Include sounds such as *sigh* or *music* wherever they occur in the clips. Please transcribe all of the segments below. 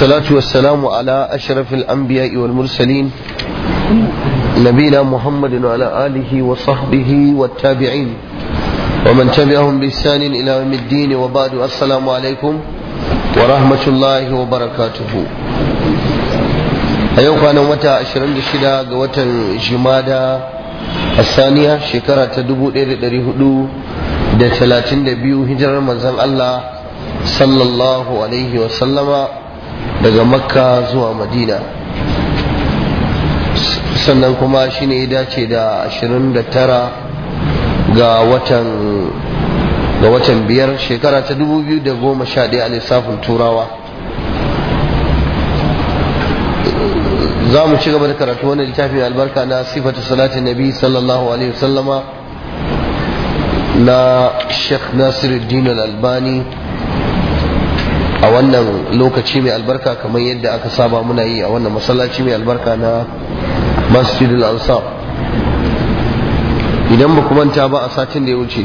والصلاة والسلام على أشرف الأنبياء والمرسلين نبينا محمد وعلى آله وصحبه والتابعين ومن تبعهم بإحسان إلى يوم الدين وبعد السلام عليكم ورحمة الله وبركاته أيوة أنا متى أشرند الشدة قوة جمادة الثانية شكرة تدبو إيري هدو da talatin da biyu hijirar manzon Allah sallallahu alaihi wasallama daga makka zuwa madina sannan kuma shi ne ya dace da 29 ga watan ga watan biyar shekara ta 2011 a lissafin turawa za mu ci gaba da karatu wani littafin albarka na sifatu salatin nabi sallallahu alaihi wasallama na sheikh Nasiru al-albani a wannan lokaci mai albarka kamar yadda aka saba muna yi a wannan masallaci mai albarka na masjidul ansar idan ba manta ba a satin da ya wuce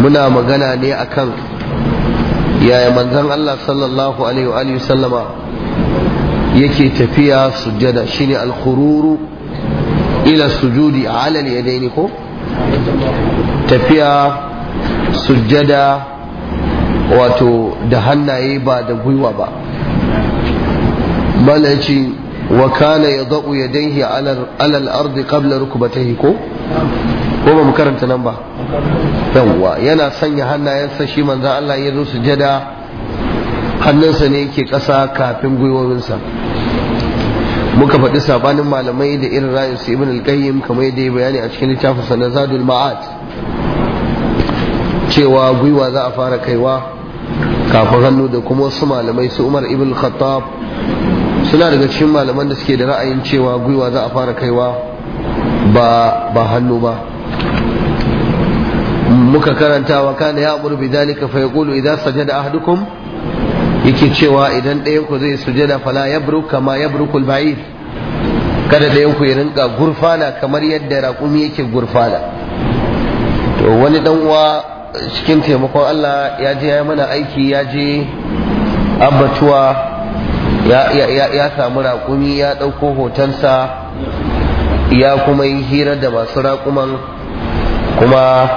muna magana ne akan yaya manzon Allah sallallahu alaihi sallama yake tafiya sujjada shine al-khururu ila sujudi ala ya yadaini ko tafiya sujjada wato da hannaye ba da gwiwa ba bala ce wa kana ya zaɓu ya danhi alal ardi qabla rukubatahi ko ko ba mu karanta nan ba yawwa yana sanya hannayensa shi manzan Allah ya zo sujada hannunsa ne yake ƙasa kafin gwiwowinsa muka faɗi sabanin malamai da irin ra'ayin su ibn al-qayyim kamar yadda ya bayani a cikin littafin na zadul ma'ad cewa gwiwa za a fara kaiwa kafin hannu da kuma wasu malamai su umar ibn khattab suna daga cikin malaman da suke da ra'ayin cewa gwiwa za a fara kaiwa ba hannu ba muka karanta wa kana ya amuru bidalika fa yaqulu idza sajada ahadukum yake cewa idan ɗayan ku zai sujada fala yabruk kama yabrukul ba'id kada ɗayan ku ya rinka gurfana kamar yadda raƙumi yake gurfana to wani dan uwa cikin taimakon Allah ya je ya mana aiki ya je abatuwa ya samu raƙumi ya ɗauko hotonsa ya kuma yi hira da masu raƙuman kuma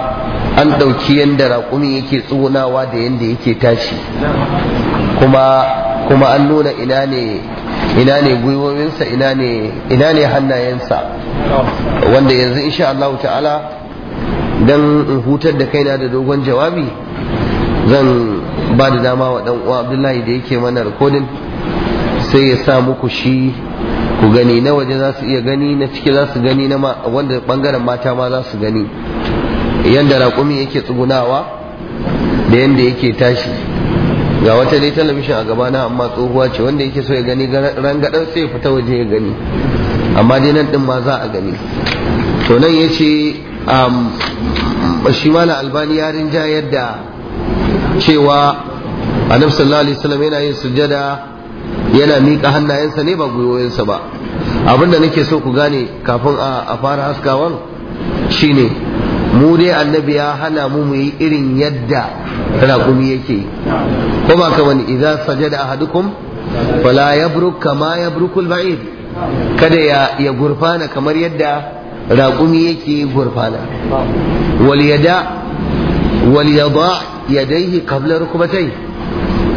an ɗauki yadda raƙumi yake tsunawa da yadda yake tashi kuma an nuna ina ne ina ne gwiwowinsa ina ne hannayensa wanda yanzu insha Allah ta'ala don in hutar da kaina da dogon jawabi zan ba da dama wa ɗan uwa abdullahi da yake mana rikodin sai ya sa muku shi ku gani na waje za su iya gani na ciki za su gani na wanda bangaren mata ma za su gani yadda raƙumi yake tsugunawa da yadda yake tashi ga wata dai talabishin a gabana amma tsohuwa ce wanda yake so ya gani rangadar sai ya fita waje ya gani amma dai nan din ma za a gani to nan ya ce Um, shi mala albani ya rinja yadda cewa annabi sallallahu alaihi wasallam yana yin sujada yana miƙa hannayensa ne ba gwiwoyinsa ba abinda nake so ku gane kafin a fara haskawan shine mu dai annabi ya hana mu mu yi irin yadda raƙumi yake yi ko ba kamar idza sajada ahadukum fala yabruk kama yabrukul ba'id kada ya gurfana kamar yadda raƙumi yake gurfana wal yada wal yada yadaihi qabla rukbatai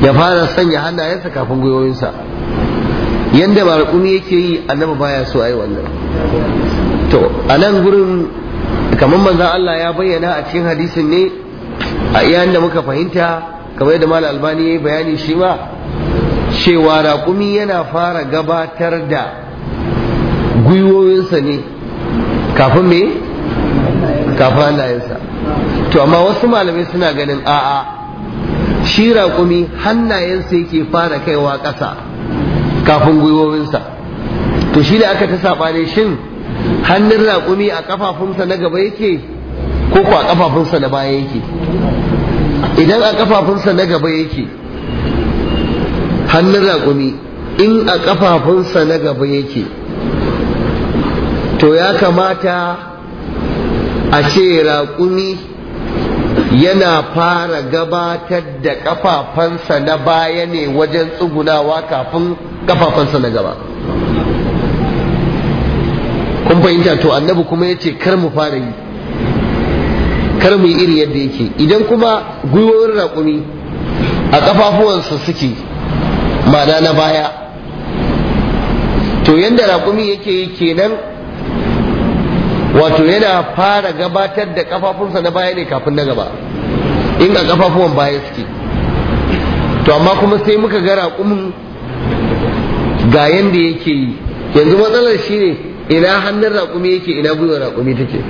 ya fara sanya hannayensa kafin gwiwoyinsa yadda ba raƙumi yake yi annaba baya so ai wannan to a nan gurin kamar manzon Allah ya bayyana a cikin hadisin ne a iyayen da muka fahimta kamar yadda mal albani ya bayani shi ma cewa raƙumi yana fara gabatar da gwiwoyinsa ne kafin me kafin hannayensa to amma wasu malamai suna ganin a'a shi raƙumi hannayensa yake fara kaiwa ƙasa kafin gwiwowinsa to shi da aka ta saɓane shin hannun raƙumi a ƙafafunsa na gaba yake ko ko a ƙafafunsa na baya yake idan a ƙafafunsa na gaba yake hannun raƙumi in a ƙafafunsa na gaba yake to ya kamata a ce raƙumi yana fara gabatar da ƙafafansa na baya ne wajen tsugunawa kafin ƙafafansa na gaba kun fahimta to annabi kuma ya ce kar mu fara yi kar mu yi iri yadda yake idan kuma gwiwar raƙumi a ƙafafuwansa suke ma'ana na baya to yadda raƙumi yake yi kenan wato yana fara gabatar da kafafunsa na baya ne kafin na gaba in a kafafuwan baya suke to amma kuma sai muka ga raƙumin ga yanda yake yi yanzu matsalar shi ne ina hannun raƙumi yake ina gwiwar raƙumi take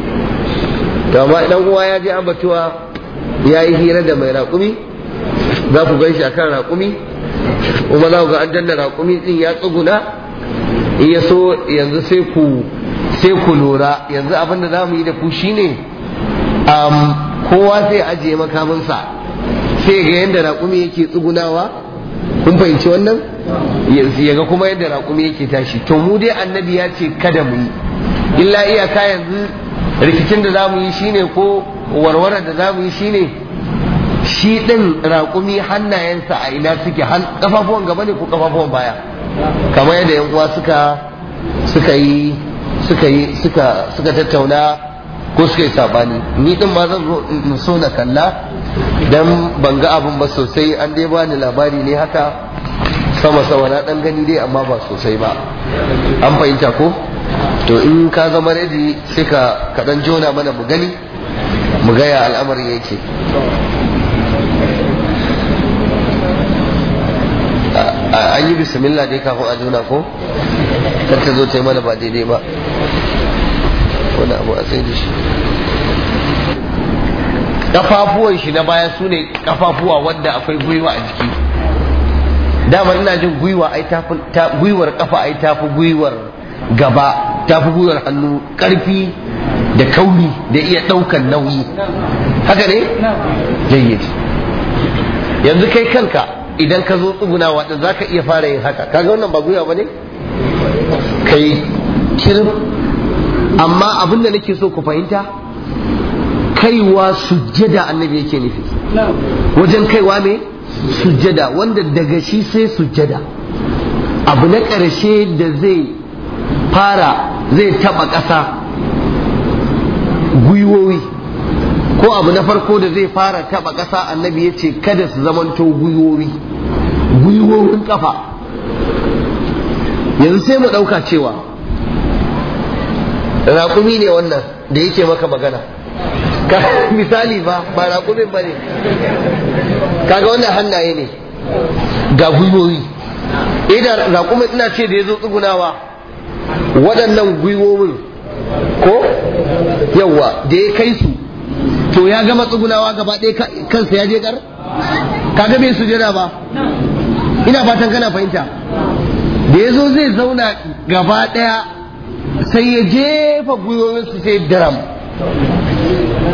to amma idan uwa ya je abatuwa ya yi hira da mai raƙumi za ku gan shi a kan raƙumi kuma za ku ga an danna raƙumi ɗin ya tsuguna in ya so yanzu sai ku sai ku lura yanzu abin da za mu yi da ku shine um, kowa sai ajiye makaminsa sai ga yadda raƙumi yake tsugunawa kun fahimci wannan ya ga kuma yadda raƙumi yake tashi to mu dai annabi ya ce kada mu yi illa iyaka yanzu rikicin da za mu yi shine ko warware da za mu yi shine shi ɗin raƙumi hannayensa a ina suke kafafuwan gaba ne ko kafafuwan baya kamar yadda yan uwa suka suka yi suka yi suka tattauna ko suka yi sabani ni din ma zan so na kalla dan ban ga abin ba sosai an dai bani labari ne haka sama sama na dan gani dai amma ba sosai ba an fahimta ko to in ka zama ready sai ka kaɗan jona mana mu gani mu ga gaya al'amari yake an yi bismillah dai kafin a juna ko kar ta zo ta yi mana ba daidai ba wani abu a tsaye da shi kafafuwan shi na baya su ne kafafuwa wanda akwai gwiwa a jiki dama ina jin gwiwa ai gwiwar kafa ai tafi gwiwar gaba tafi gwiwar hannu karfi da kauri da iya daukan nauyi haka ne jayyid yanzu kai kanka idan ka zo tsugunawa za ka iya fara yin haka kaga wannan ba ba bane kai kirim amma abin da nake so ku fahimta kaiwa sujjada annabi yake nufi wajen kaiwa me sujjada wanda daga shi sai sujjada abu na ƙarshe da zai fara zai taɓa ƙasa gwiwowi ko abu na farko da zai fara taba ƙasa annabi ya ce kada su zamanto gwiwowi gwiwowin kafa yanzu sai mu ɗauka cewa raƙumi ne wannan da yake maka magana misali ba ba raƙumin ba ne kaga wannan hannaye ne ga gwiwowi idan eh, raƙumin ina ce da ya zo tsugunawa waɗannan gwiwowin ko yawwa da ya kai su to ya gama tsugunawa gaba ɗaya kansa ya je kar kaga bai sujada ba ina fatan kana fahimta da ya zo zai zauna gaba ɗaya sai ya jefa su sai daram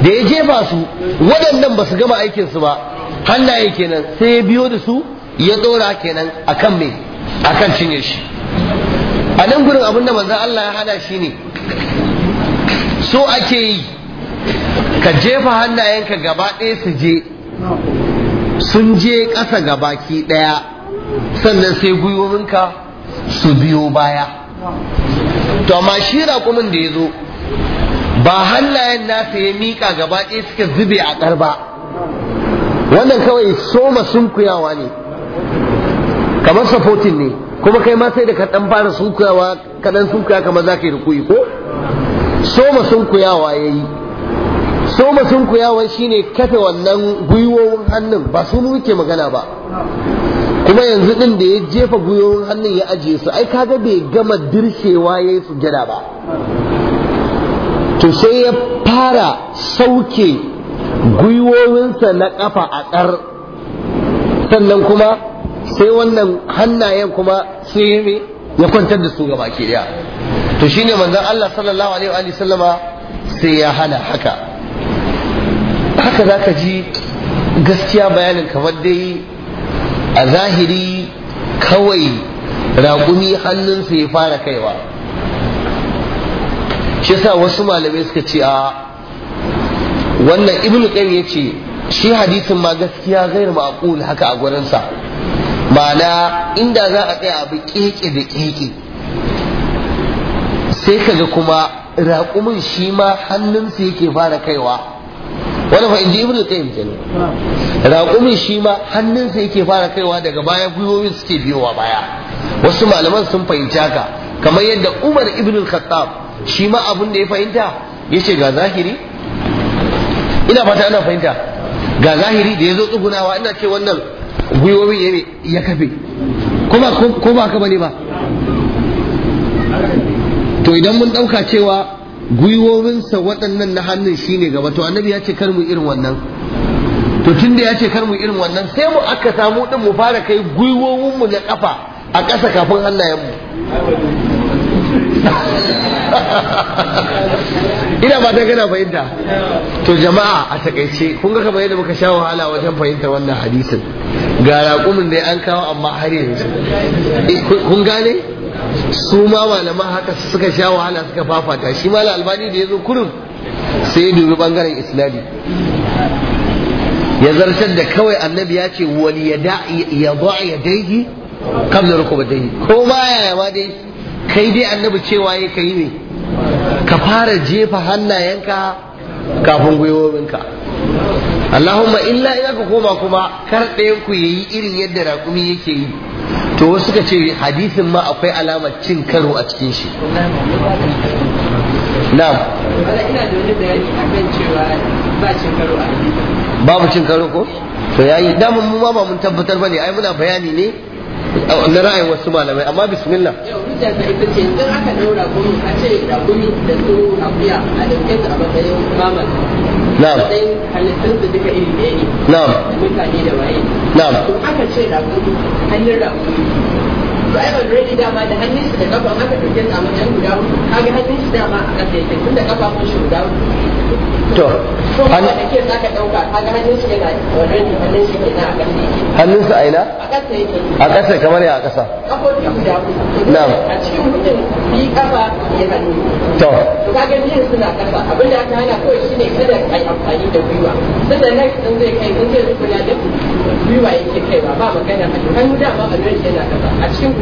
da ya jefa su waɗannan ba su gama aikinsu ba hannaye kenan sai ya biyo da su ya ɗora kenan akan me akan cinye shi a nan gurin abin da manzan Allah ya hada shi ne so ake yi ka jefa hannayenka gaba ɗaya su je sun je ƙasa ki ɗaya sannan sai gwiwominka su biyo baya to amma shi raƙumin da ya zo ba hannayen nasa ya miƙa gaba ɗaya suka zube a ƙarba wannan kawai soma sunkuyawa ne kamar sapotin ne kuma kai ma sai da ka ɗan fara sunkuyawa kaɗan ɗan sunkuya kamar za ka yi ko soma sunkuyawa ya yi so ba sun shi shine kafe wannan gwiwowin hannun ba su muke magana ba kuma yanzu ɗin da ya jefa gwiwowin hannun ya ajiye su ai kaga bai gama dirshewa ya yi su gida ba to sai ya fara sauke gwiwowinsa na ƙafa a ƙar sannan kuma sai wannan hannayen kuma sai ya kwantar da su gaba ke daya to shine manzon Allah sallallahu alaihi wa sallama sai ya hana haka haka za ka ji gaskiya bayanin kamar dai a zahiri kawai raƙumi hannunsa ya fara kaiwa shi sa wasu malamai suka ce a wannan ibnu qayyim ya ce shi hadisin ma gaskiya gair ma'qul haka a gurinsa ma'ana inda za a tsaya abu keke da keke sai kaga kuma raƙumin shi ma hannunsa yake fara kaiwa wani fa inji ibnu qayyim kenan raqumin shi ma hannunsa yake fara kaiwa daga baya gwiwoyin suke biyowa baya wasu malaman sun fahimci haka kamar yadda Umar ibn al-Khattab shi ma abin da ya fahimta yace ga zahiri ina fata ana fahimta ga zahiri da yazo tsugunawa ina ce wannan gwiwoyin ya kafe kuma ko ba ka bane ba to idan mun dauka cewa gwiwowinsa waɗannan na hannun shine gaba to annabi ya ce kar mu irin wannan to tun da ya ce kar mu irin wannan sai mu aka samu ɗin mu fara kai gwiwowinmu na ƙafa a ƙasa kafin hannayenmu. *laughs* ina ba ta gana fahimta to jama'a a takaice kun ga kamar yadda muka sha wahala wajen fahimta wannan hadisin ga raƙumin da an kawo amma har yanzu eh, kun gane su ma malaman haka suka sha wahala suka fafata shi ma albani da ya zo kurin sai ya dubi bangaren isnadi ya zartar da kawai annabi ya ce wani ya da'a ya daigi kam da rukuba daigi ko ma yaya ma dai kai dai annabi cewa ya kai ne ka fara jefa hannayenka kafin gwiwowinka Allahumma illa ina ka koma kuma kar ɗayan ku yayi irin yadda raƙumi yake yi to wasu suka ce hadisin ma akwai alamar cin karo a cikin shi na'am ina da wani bayani akan cewa ba cin karo a hadisin babu cin karo ko to yayi damun mu ma ba mun tabbatar bane ai muna bayani ne na ra'ayin wasu malamai amma bismillah yau hujja ta ita ce idan aka daura gumi a ce da gumi da su akuya a dauke su a matsayin mamaki na'am halittun su duka iri ne na'am mutane da waye na'am to aka ce da hannun to ai already dama da hannun shi da kafan haka dauke a matsayin guda hudu kaga hannun su dama a kasa yake tun da kafafun shi guda hudu to an da ke zaka dauka kaga hannun su yana already hannun shi yana a kasa yake hannun sa aina a kasa yake a kasa kamar ya a kasa kafofi guda hudu na'am a cikin mutum bi kafa ya hannu to to kaga biyan suna kasa abin da aka hana kawai shine kada yi amfani da gwiwa sanda nan sun zai kai sun zai rubuta da gwiwa yake kai ba ba magana hannu dama already yana kasa a cikin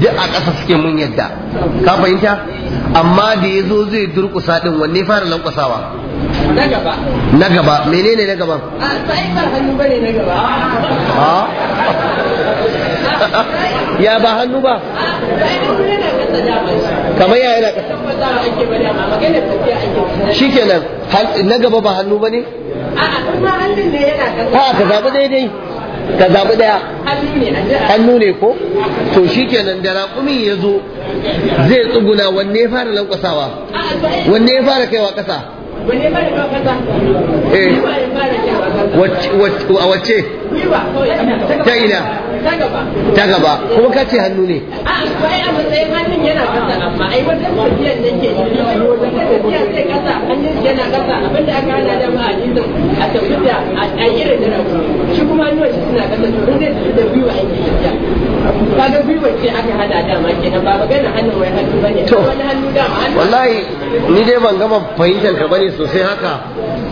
duk a ƙasa suke mun yadda ka fahimta amma da ya zo zai durƙusa ɗin wanne fara lankwasawa na gaba na gaba menene na gaba *laughs* ya ba hannu ba kamar ya yana ƙasa shi kenan na gaba ba hannu ba ne? a kuma hannun ne yana a ka zaɓi daidai ka zaɓi ɗaya hannu ne ko to shi kenan da raƙumin ya zo zai tsuguna wanne ya fara lankwasawa wanne ya fara kaiwa ƙasa eh wacce ta ina ta gaba kuma ka ce hannu ne a ai a matsayin hannun yana kasa amma ai wajen tafiyar da ke tafiya sai kasa hannun yana kasa abinda aka hana da ma hadisin a tafiya a irin da rabu shi kuma hannuwan shi suna kasa to zai tafi da gwiwa ake tafiya kaga gwiwa ce aka hada dama kenan ba magana hannun wai hannu bane to wani hannu dama wallahi ni dai ban gama fahimtar ka bane sosai haka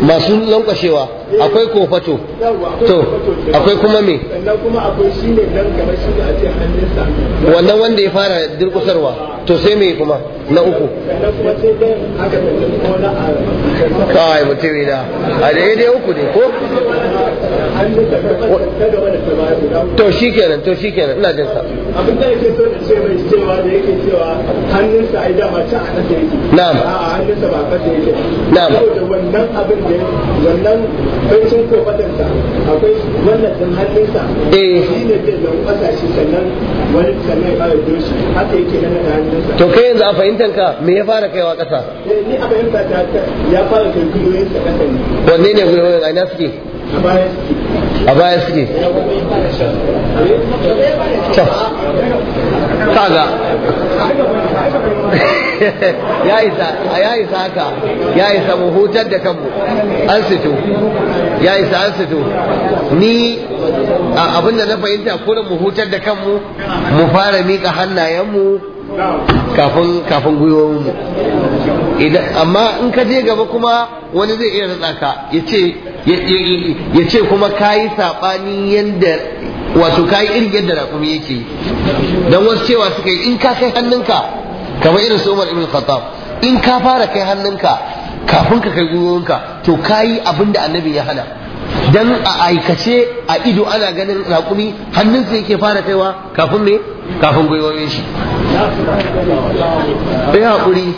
masu lankwashewa akwai kofato to akwai kuma me wannan wanda ya fara durkusarwa to sai me kuma na uku kawai mutum na a daidai uku ne ko to shi kenan to shi kenan ina jin sa abin da yake so ce mai cewa da yake cewa hannunsa ai dama can a kasa yake na'am a hannunsa ba kasa yake na'am to wannan abin da wannan fancin ko fatanta akwai wannan din hannunsa eh shi ne zai zama kasa shi sannan wani sannan ba ya doshi haka yake nan da hannunsa to kai yanzu a fahimtar ka me ya fara kaiwa kasa eh, ni a fahimta ta ya fara kai gwiwoyinsa kasa ne wanne ne gwiwoyin ai suke a baya suke a baya suke kaga *laughs* ya isa ya isa haka ya isa mu hutar da kanmu an sito ya isa an sito ni abinda na fahimta kurin mu hutar da kanmu mu fara miƙa hannayenmu kafin kafin gwiwowinmu amma in ka je gaba kuma wani zai iya ratsa ka ya ce ya ce kuma ka yi saɓani yadda wato ka yi irin yadda rakumi yake yi don wasu cewa suka yi in ka kai hannunka kama irin su umar ibn khattab in ka fara kai hannunka kafin ka kai gwiwonka to kayi abin da annabi ya hana Don a aikace a ido ana ganin rakumi hannunsa yake fara kaiwa kafin ne kafin gwiwoyin shi ya haƙuri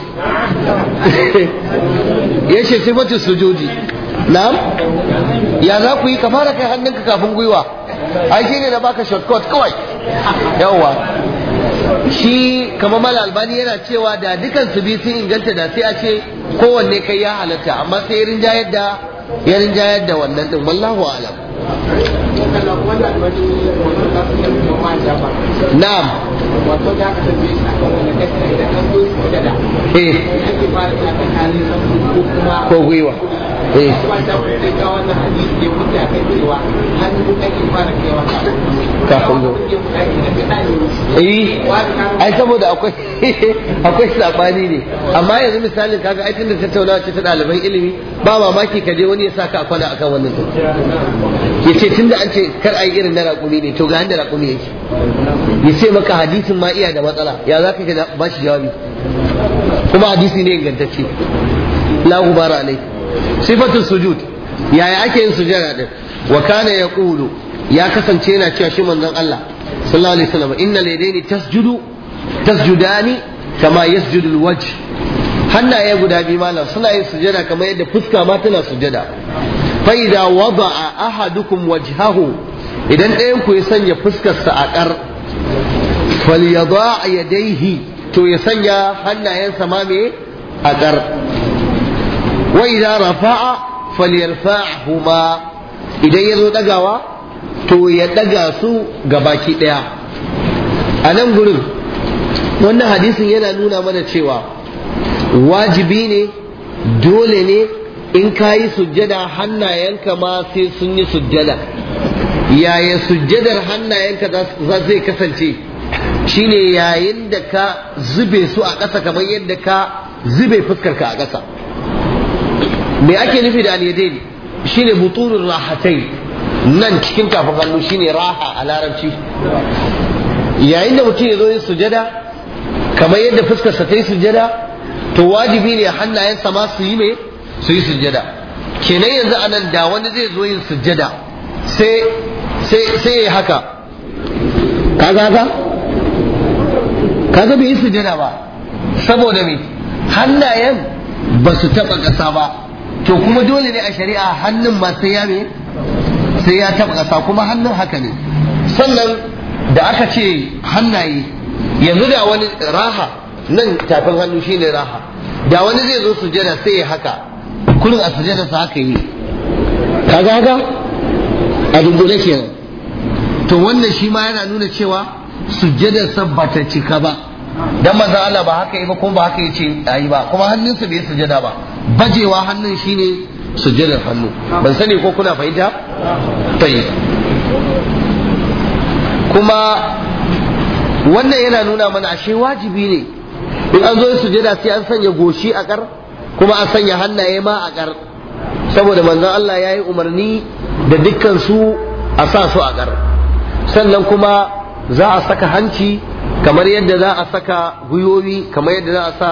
ya ce sifatu na'am ya za ku yi ka fara kai hannunka kafin gwiwa ai ne na baka shortcut kawai yawwa shi kama mala albani yana cewa da dukan su biyu sun inganta da sai a ce kowanne kai ya halatta amma sai ya rinjayar da ya rinjayar da wannan din wallahu alam na'am wato da aka tambaye shi akan wannan gaskiya idan an zo su da da eh ko gwiwa kafin eh. zo eh ai saboda akwai *laughs* sabani ne amma yanzu misalin kaga ai tunda tattaunawa ce ta ɗaliban ilimi ba mamaki ka je wani ya saka ka kwana akan wannan tun yace tunda an ce kar yi irin na raƙumi ne to ga yanda raƙumi yake yace maka hadisin ma iya da matsala ya za ka ba shi jawabi kuma hadisi ne ingantacce la gubara alaikum sifatu sujud yaya ake yin sujada din wa kana yaqulu ya kasance yana cewa shi manzon Allah sallallahu alaihi wasallam inna laydaini tasjudu tasjudani kama yasjudu alwajh hannaye guda biyu malam suna yin sujada kamar yadda fuska ma tana sujada fa idza wada'a ahadukum wajhahu idan ɗayan ku ya sanya fuskarsa a ƙar falyada yadaihi to ya sanya hannayensa ma me a ƙar wa idza rafa'a falyarfa'huma idan yazo dagawa to ya daga su gabaki daya a nan gurin wannan hadisin yana nuna mana cewa wajibi ne dole ne in ka yi sujjada hannayenka ma sai sun yi sujjada yaya sujjadar hannayenka za zai kasance shine yayin da ka zube su a ƙasa kamar yadda ka zube fuskarka a ƙasa me ake nufi da alyadaini shine buturur rahatai nan cikin kafin hannu shine raha a larabci yayin da mutum ya zo yin sujada kamar yadda fuskarsa ta yi sujada to wajibi ne hannayensa ma su yi me su yi sujada kenan yanzu anan da wani zai zo yin sujada sai sai yi haka kaga haka kaga bai yi sujada ba saboda me hannayen ba su taɓa ƙasa ba to kuma dole ne a shari'a hannun ma sai ya me sai ya taba kuma hannun haka ne sannan da aka ce hannaye yanzu da wani raha nan tafin hannu shine raha da wani zai zo sujada sai ya haka kurin a sujada sa haka yi kaga ga a dungure kenan to wannan shi ma yana nuna cewa sujada ba cika ba dan manzo Allah ba haka yi ba kuma ba haka yace ayi ba kuma hannunsa bai sujada ba bajewa hannun shine sujjadar hannu ban sani ko kuna fahimta tayi kuma wannan yana nuna mana ashe wajibi ne in an zo sujjada sai an sanya goshi a kar kuma an sanya hannaye ma a kar saboda manzon Allah ya yi umarni da dukkan su a sa su a kar sannan kuma za a saka hanci kamar yadda za a saka guyoyi kamar yadda za a sa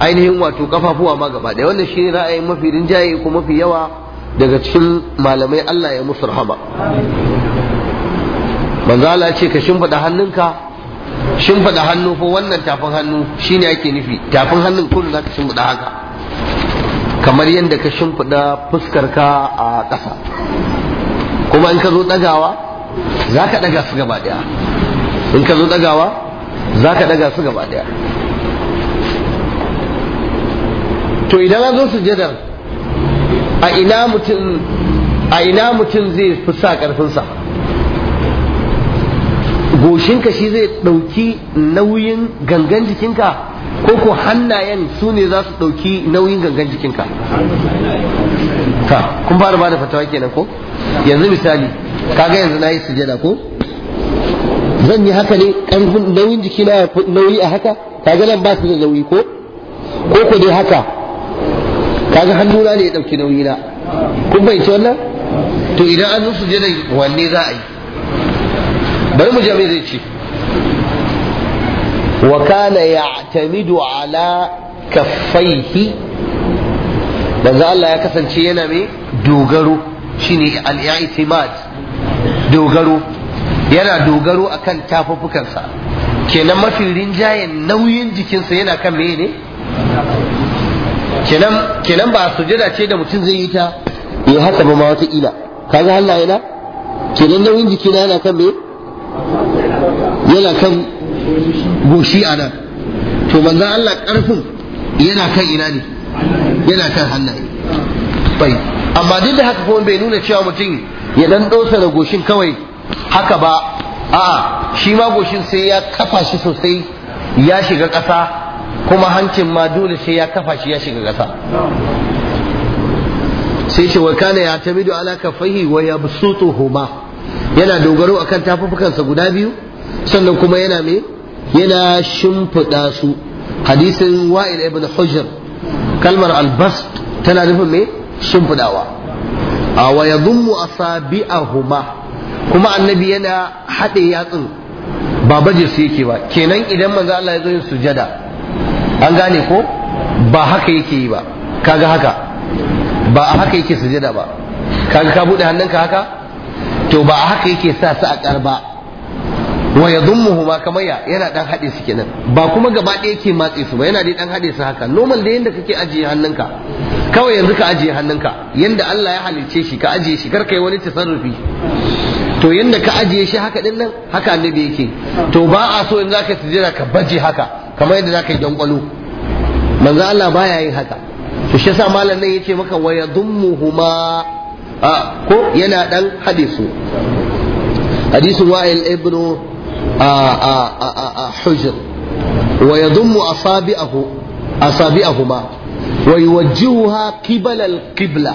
ainihin wato kafafuwa ma gaba ɗaya wannan shine ra'ayin mafi rinjaye ko mafi yawa daga cikin malamai Allah ya musu rahama manzo Allah ce ka shimfiɗa hannunka shimfiɗa hannu ko wannan tafin hannu shine ake nufi tafin hannun kullu zaka shimfiɗa haka kamar yadda ka shimfiɗa fuskarka a ƙasa kuma in ka zo ɗagawa za ka ɗaga su gaba ɗaya in ka zo ɗagawa za ka ɗaga su gaba ɗaya to idan an zo sujadar a ina mutum zai fi sa ƙarfinsa goshinka shi zai ɗauki nauyin gangan jikinka ko ko hannayen su ne za su ɗauki nauyin gangan jikinka ta kun fara ba da fatawa kenan ko yanzu misali kaga yanzu na yi sujada ko zan yi haka ne ƙarfin nauyin jikina ya nauyi a haka kaga nan ba su da nauyi ko ko ku dai haka kaga hannuna ne ya dauki nauyi na kun fahimci wannan to idan an nusu jira wanne za a yi bari mu jami zai ce wa kana ya'tamidu ala kaffaihi manzo Allah ya kasance yana mai dogaro shine al-i'timad dogaro yana dogaro akan tafafukansa kenan mafi rinjayen nauyin jikinsa yana kan mene ne kenan kenan ba sujada ce da mutum zai yi ta ya haka ba ma wata ila kaga Allah yana kenan nauyin jikina yana kan me yana kan goshi a nan to manzan Allah karfin yana kan ina ne yana kan hannaye bai amma duk da haka kuma bai nuna cewa mutum ya dan dosa da goshin kawai haka ba a'a shi ma goshin sai ya kafa shi sosai ya shiga ƙasa kuma hancin ma dole sai ya kafa shi ya shiga ƙasa sai shi wa kana ya bidu ala kafaihi wa huma yana dogaro akan tafufukansa guda biyu sannan kuma yana me yana shimfiɗa su hadisin wa'il ibn hujr kalmar albast tana nufin me shimfiɗawa a wa a asabi'ahuma kuma annabi yana haɗe yatsun ba su yake ba kenan idan manzo Allah ya zo yin sujada an gane ko ba haka yake yi ba kaga haka ba a haka yake sujada ba kaga ka bude hannunka haka to ba a haka yake sa su a karba wa dummuhu ma kamaya yana dan hade su kenan ba kuma gaba ɗaya yake matse su ba yana dai dan hade su haka normal da yanda kake ajiye hannunka kawai yanzu ka ajiye hannunka yanda Allah ya halicce shi ka ajiye shi kar kai wani tasarrufi to yanda ka ajiye shi haka din nan haka annabi yake to ba a so in zaka sujada ka baje haka kamar yadda ka yi dankwalo manzo Allah baya yin haka to shi yasa malam nan yace maka wa huma a ko yana dan hadisu hadisu wa'il ibnu a a a a hujr wa yadhummu asabi'ahu asabi'ahuma wa yuwajjihuha qibala al-qibla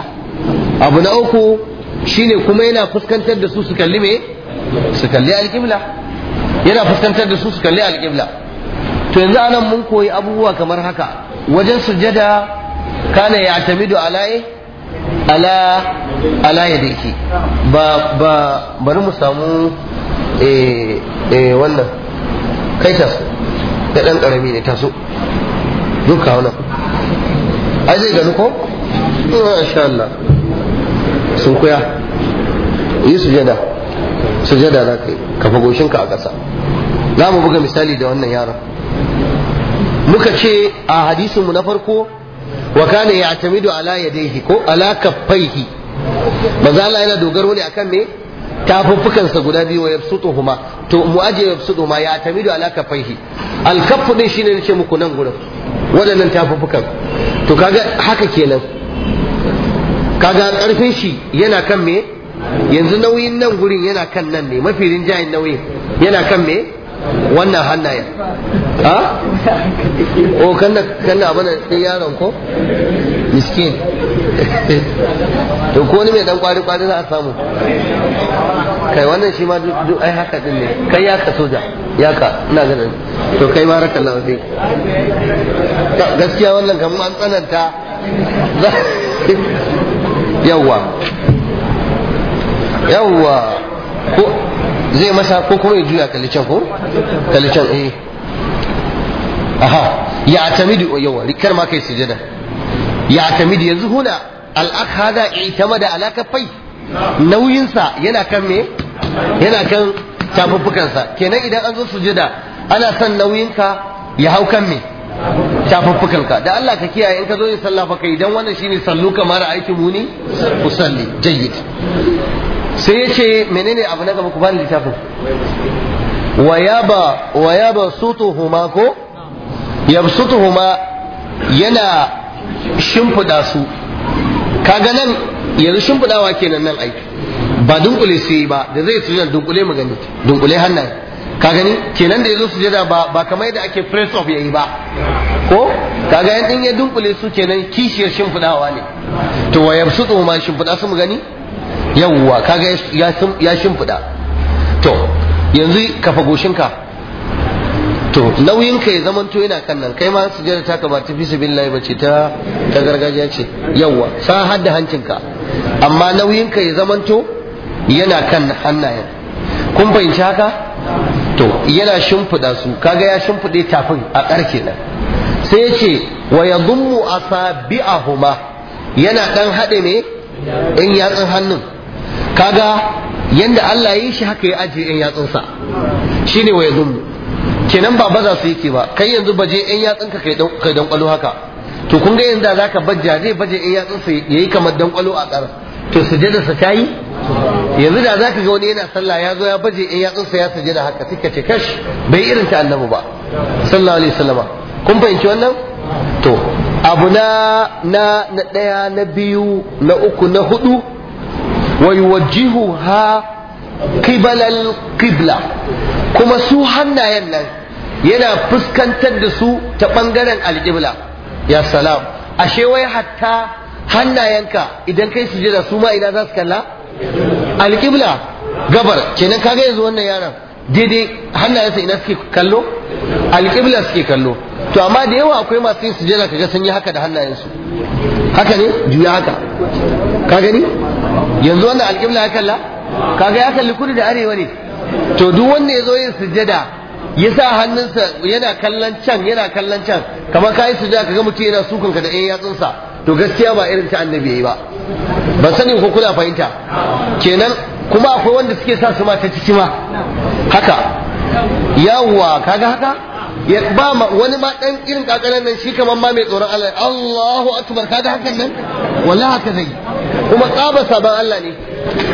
abu na uku shine kuma yana fuskantar da su su kalli me su kalli al-qibla yana fuskantar da su su kalli al-qibla to yanzu anan mun koyi abubuwa kamar haka wajen sujada kana ya tamidu alaye eh? ala ala ya dake ba ba bari mu samu eh eh wannan kai su da dan karami ne su duka wannan ai zai gani ko insha Allah sun kuya yi sujada sujada za ka yi kafa ka a ƙasa za mu buga misali da wannan yaron muka ce a hadisinmu na farko wa kana ya'tamidu ala yadayhi ko ala kaffaihi manzo Allah yana dogaro ne akan me sa guda biyu wa yabsutuhuma to mu aje yabsutuhuma ya'tamidu ala kaffaihi al kaffu din shine nace muku nan gurin waɗannan tafuffukan to kaga haka kenan kaga karfin shi yana kan me yanzu nauyin nan gurin yana kan nan ne mafi rinjayen nauyin yana kan me wannan hannayen ha o oh, kanna kanna abin da yaron ko miskin to ko ni mai dan kwari kwari za a samu kai wannan shi ma duk ai haka din ne kai ya ka soja ya ka ina ganin to kai ma raka lafi gaskiya wannan kan an tsananta yawwa yawwa ko zai masa ko kuma ya juya kalicen ko kalicen can eh aha ya o oh, yawa rikar ma kai sujada ya atamidu yanzu huna al'ak hada itamada ala kafai nauyinsa yana kan me yana kan tafuffukansa kenan idan an zo sujada ana son nauyinka ya hau kan me shafuffukanka da Allah ka kiyaye in ka zo yin sallah fa kai idan wannan shine sallu kamar aiki muni usalli jayyid sai ya ce menene abu na gaba ku bani littafin wayaba wayaba huma ko huma yana shimfida su kaga nan yanzu shimfiɗawa kenan nan aiki. ba dunkule yi ba da zai sujada dunkule mu gani dunkule hannaye ka gani kenan da yazo sujada ba ba kamar yadda ake press ya yayi ba ko kaga yan din ya dunkule su kenan kishiyar shimfidawa ne to wa ma shimfida su mu gani yawwa kaga ya shimfiɗa to yanzu kafa goshinka to nauyinka ya zamanto yana kan nan kai ma sujada ta taka ba ta fi billahi bace ta ta gargajiya ce yawwa sa hadda hancinka amma nauyinka ya zamanto yana kan hannayen kun fahimci haka to yana shimfiɗa su kaga ya shimfiɗa tafin a karke nan sai ya ce wa ya a asabi'ahuma yana ɗan haɗe ne in yatsun hannun kaga yanda Allah ya yi shi haka ya ajiye yan yatsunsa shine wa yadhum kenan ba baza su yake ba kai yanzu baje yan yatsunka kai dan kai dan kwalo haka to kun ga yanda zaka bajja zai baje yan yatsunsa yayi kamar dan kwalo a tsara to sujada sa tayi yanzu da zaka ga wani yana sallah ya zo ya baje yan yatsunsa ya sujada haka suka ce kash bai irin ta annabi ba sallallahu alaihi wasallama kun fahimci wannan to abu na na na na biyu na uku na hudu ويوجهها قبل القبلة كما سو حنا ينا ينا فسكن تدسو تبنغرن القبلة يا سلام أشيوي حتى حنا ينكا إذا كي سجد سوما إلى ذات كلا القبلة gabar kenan kaga yanzu wannan yaron daidai hannayensa ina suke kallo alƙibla suke kallo to amma da yawa akwai masu yin sujada kaga sun yi haka da hannayensu haka ne juya haka ka gani yanzu wanda alƙibla ya kalla kaga ya kalli kudu da arewa ne to duk wanda ya zo yin sujjada ya sa hannunsa yana kallon can yana kallon can kamar ka yi sujjada kaga mutum yana sukan ka da ɗaya yatsunsa to gaskiya ba irin ta annabi ya yi ba ban sani ko kuna fahimta kenan kuma akwai wanda suke sa su ma ta ciki ma haka yawwa kaga haka ya ba ma wani ma dan irin kakanan nan shi kaman ma mai tsoron Allah Allahu akbar kada hakan nan wallahi haka zai kuma tsaba saban Allah ne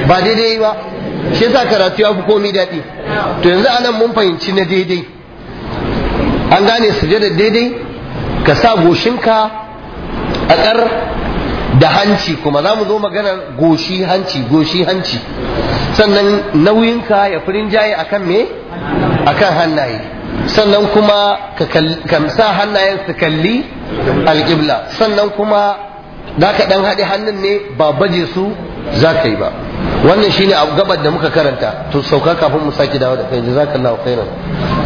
ba daidai ba shi yasa karatu ya fi komai daɗi to yanzu anan mun fahimci na daidai an gane sujada daidai ka sa goshinka a ƙar da hanci kuma za mu zo maganar goshi hanci goshi hanci sannan nauyinka ya furin jaye akan me akan hannaye sannan kuma ka sa hannayen su kalli alƙibla sannan kuma za ka ɗan haɗe hannun ne ba baje su za ka yi ba wannan ne abu gabar da muka karanta to sauka kafin mu saki dawo da kai jazakallahu kairan.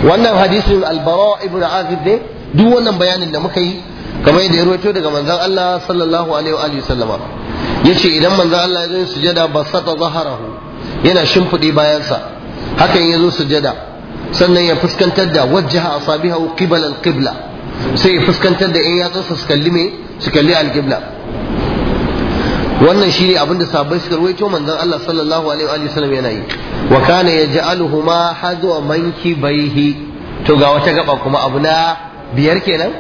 wannan hadisin albara ibn azib ne duk wannan bayanin da muka yi kamar yadda ya daga manzon Allah sallallahu alaihi wa alihi sallama yace idan manzon Allah ya zo sujada basata zaharahu yana shimfide bayansa hakan ya zo sujada sannan ya fuskantar da wajaha asabihu qibal al-qibla sai ya fuskantar da in yatsa su kalli me su kalli al-qibla wannan shine abin da sahabbai suka ruwaito manzon Allah sallallahu alaihi wa sallam yana yi wa kana yaj'aluhuma hadwa mankibaihi to ga wata gaba kuma abu na biyar kenan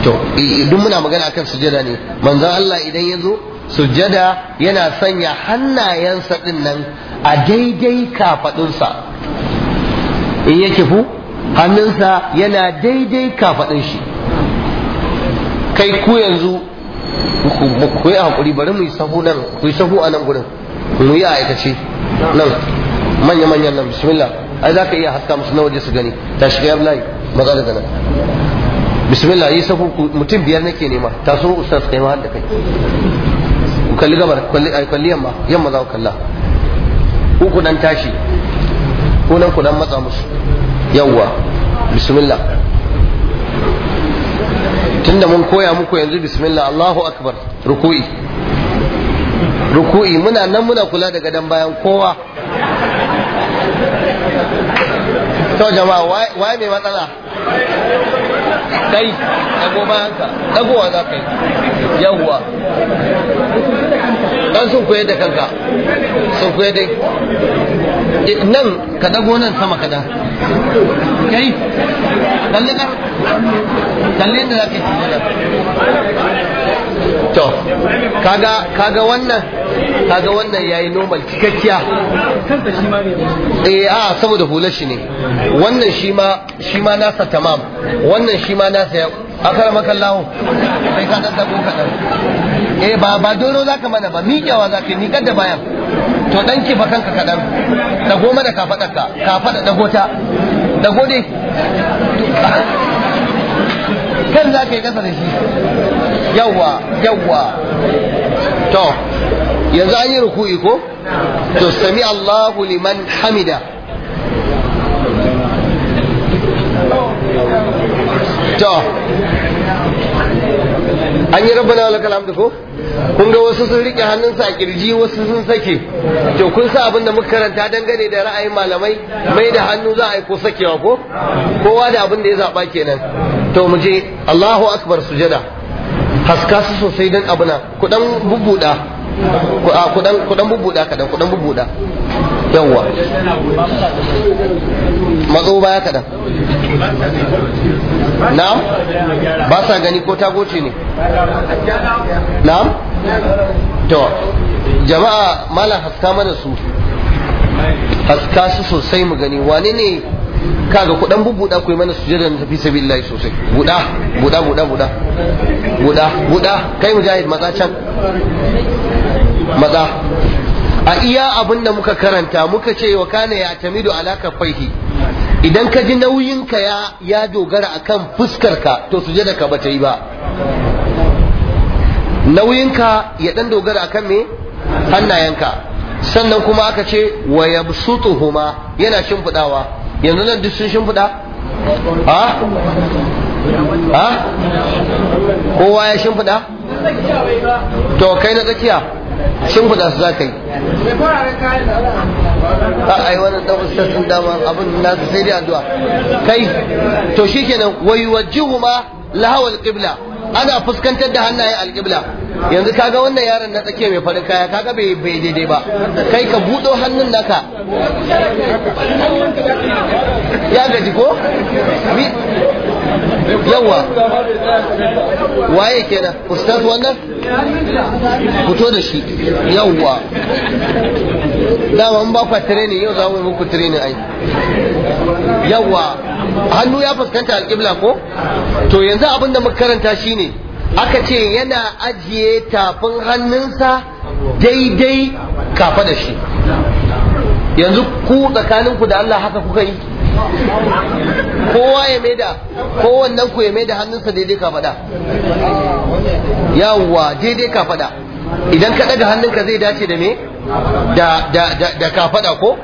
to idan muna magana akan sujada ne manzon Allah idan ya zo sujada yana sanya hannayensa din nan a daidai kafadunsa in ya kifu hannunsa yana daidai kafaɗin shi kai ku yanzu ku yi hakuri bari mu yi sahu nan ku yi sahu a nan gurin mu yi aikace nan manya manyan nan bismillah ai za ka iya haska musu na waje su gani ta shiga yar layi maza daga nan bismillah yi sahu mutum biyar nake nema ta so ustaz kai ma da kai ku kalli gabar kalli ai kalli yamma yamma za ku kalla uku dan tashi ko nan ku dan matsa musu yawwa bismillah tunda mun koya muku yanzu bismillah Allahu akbar ruku'i ruku'i muna nan muna kula da gadon bayan kowa to jama'a waye mai matsala kai dago bayanka dagowa za ka yi yawwa dan sun koyar da kanka sun koyar da Eh, nan ka dago nan sama ka dan kai Kalle kar kalli da zaka yi to kaga kaga wannan kaga wannan yayi normal cikakkiya kanta shi ma ne eh a saboda hular shi ne wannan shi ma shi ma nasa tamam wannan shi ma nasa ya akara makallahu sai ka dan dago kadan eh ba ba doro zaka mana ba miƙewa zaka ni kada bayan to dan kifa kanka kadan dago mana kafadarka kafada da ta Da gode, kan za ka yi kasa da shi Yawwa, yawwa, to yanzu an yi ruku'i ko to sami Allahu liman hamida to an yi rabbana wala kalam da ko kun ga wasu sun rike hannun sa a kirji wasu sun sake to kun sa abin da muka karanta dangane da ra'ayin malamai mai da hannu za a yi ko sakewa ko kowa da abin da ya zaba kenan to mu je Allahu akbar sujada haska su sosai dan abuna ku dan bubbuda ku dan kadan ku dan yawwa matso baya kaɗan na'am ba sa gani ko tagoci ne na'am to jama'a malam haska mana su haska su sosai mu gani wane ne kaga kudan bubuda ku yi mana sujada na tafi lai sosai buda buda buda buda buda buda kai mujahid maza can maza a iya abin da muka karanta muka ce wa kana ya tamidu alaka faihi idan ka ji nauyinka ya ya dogara akan fuskarka to su da ka bata yi ba nauyinka ya dan dogara akan me hannayenka sannan kuma aka ce wa yabsutuhuma yana shimfidawa yanzu nan duk sun shimfida a kowa ya shimfida to kai na tsakiya shimfiɗa su za ka yi a ai wannan dan ustaz dama abin su sai dai addu'a kai to shikenan wa yuwajjihu ma lahawal qibla ana fuskantar da hannayen alƙibla yanzu kaga wannan yaron na tsakiya mai farin kaya kaga bai bai daidai ba kai ka buɗo hannun naka ya gaji ko yawa waye kenan ustaz wannan fito da shi yawa dama ba kwa training yau za mu yi muku training ai yawa hannu ya fuskanta alƙibla ko to yanzu abinda muka karanta shi ne aka ce yana ajiye tafin hannunsa daidai kafa da shi yanzu ku tsakaninku da Allah haka kuka yi kowa ya maida kowannan ku ya maida hannunsa daidai da yawwa daidai da idan ka daga hannunka zai dace da me da da da, da kafada ko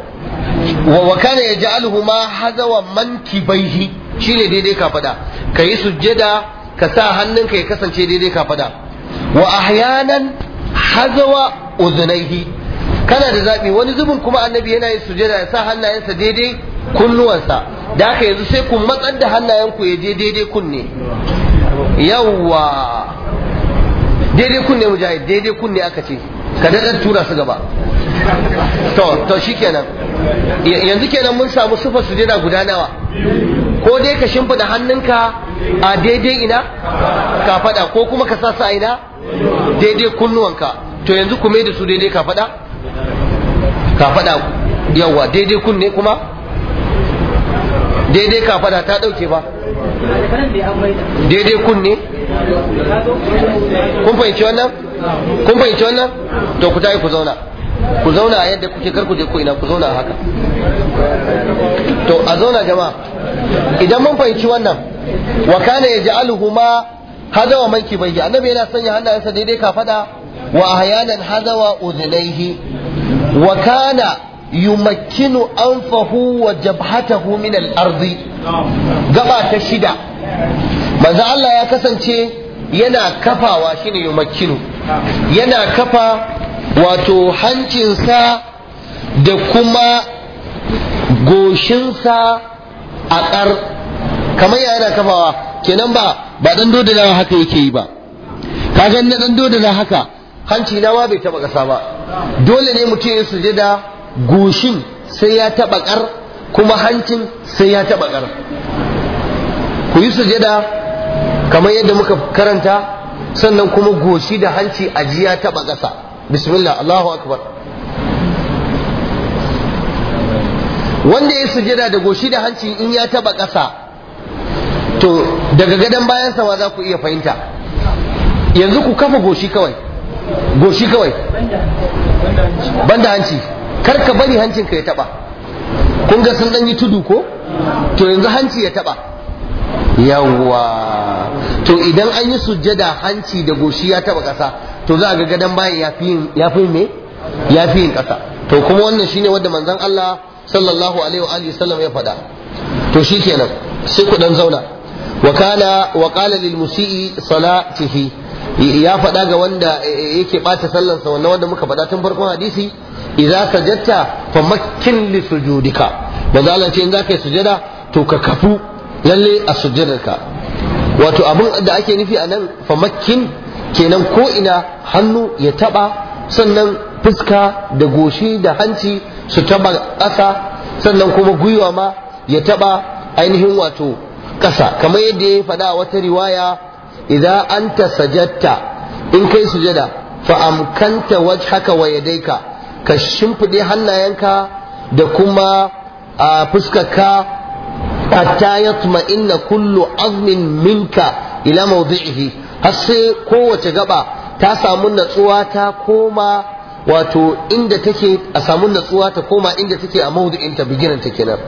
wa wa kana yaj'aluhu ma hazawa mankibaihi shine daidai ka yi sujjada ka sa hannunka ya kasance daidai fada wa ahyanan hazawa uzunaihi kana da zaɓi wani zubin kuma annabi yana yin sujada ya sa hannayensa daidai kunnuwansa da haka yanzu sai ku matsar da hannayenku ya je daidai kunne yawwa daidai kunne mujahid daidai kunne aka ce ka daɗa tura su gaba to to shikenan yanzu kenan mun samu sufa sujada guda nawa ko dai ka da hannunka a daidai ina ka fada ko kuma ka sa a ina daidai kunnuwanka to yanzu ku mai da su daidai ka fada ka fada yawa daidai kunne kuma daidai ka fada ta dauke ba daidai kunne kun fahimci wannan kun fahimci wannan to ku tayi ku zauna ku zauna yadda kuke kar ku je ko ina ku zauna haka to a zauna jama'a idan mun fahimci wannan wa kana yaj'aluhuma hadawa manki bai annabi yana sanya hannayensa daidai ka kafada wa ahyanan hadawa udhnaihi wa kana yumakkinu anfahu wa jabhatahu min al ard gaba ta shida manzo Allah ya kasance yana kafawa shine yumakkinu yana kafa wato hancinsa da kuma goshinsa a ƙar kamar yana kafawa kenan ba ba dan haka yake yi ba kaga na dan dodala haka hanci na wa bai taɓa ƙasa ba dole ne mutum ya da goshin sai ya taɓa ƙar kuma hancin sai ya taɓa ƙar ku yi suje da kamar yadda muka karanta sannan kuma goshi da hanci ajiya taɓa ƙasa الله الله akbar wanda ya sujada da goshi da hanci in ya taba ƙasa to daga gadon bayan wa za ku iya fahimta yanzu ku kafa goshi kawai goshi kawai banda hanci kar ka bari hancin ka ya taba kun ga sun dan yi tudu ko to yanzu hanci ya taba yawwa to idan an yi sujjada hanci da goshi ya taba ƙasa to za a ga gadon bayan ya fi yin me ya fi yin kasa to kuma wannan shine wanda manzon Allah sallallahu alaihi wa alihi sallam ya faɗa to shi shikenan sai ku dan zauna wa kana wa qala lil musii salatihi ya faɗa ga wanda eh, eh, yake ɓata sallansa wannan wanda muka faɗa tun farkon hadisi idza sajadta fa makkin li sujudika manzo Allah ce in zaka yi sujada to ka kafu lalle a sujudarka wato abin da ake nufi a nan fa kenan ko ina hannu ya taɓa sannan fuska da goshi da hanci su taɓa ƙasa sannan kuma gwiwa ma ya taɓa ainihin wato ƙasa kamar yadda ya faɗa wata riwaya idan ta sajatta in kai sujada faamkanta waj haka wa daika ka shimfiɗe hannayenka da kuma a fuskarka hatta yatma inna kullu azmin minka ila mawdi'ihi har sai kowace gaba ta samu natsuwa ta koma wato inda take a samu natsuwa ta koma inda take a maudu'in ta bigiran ta kenan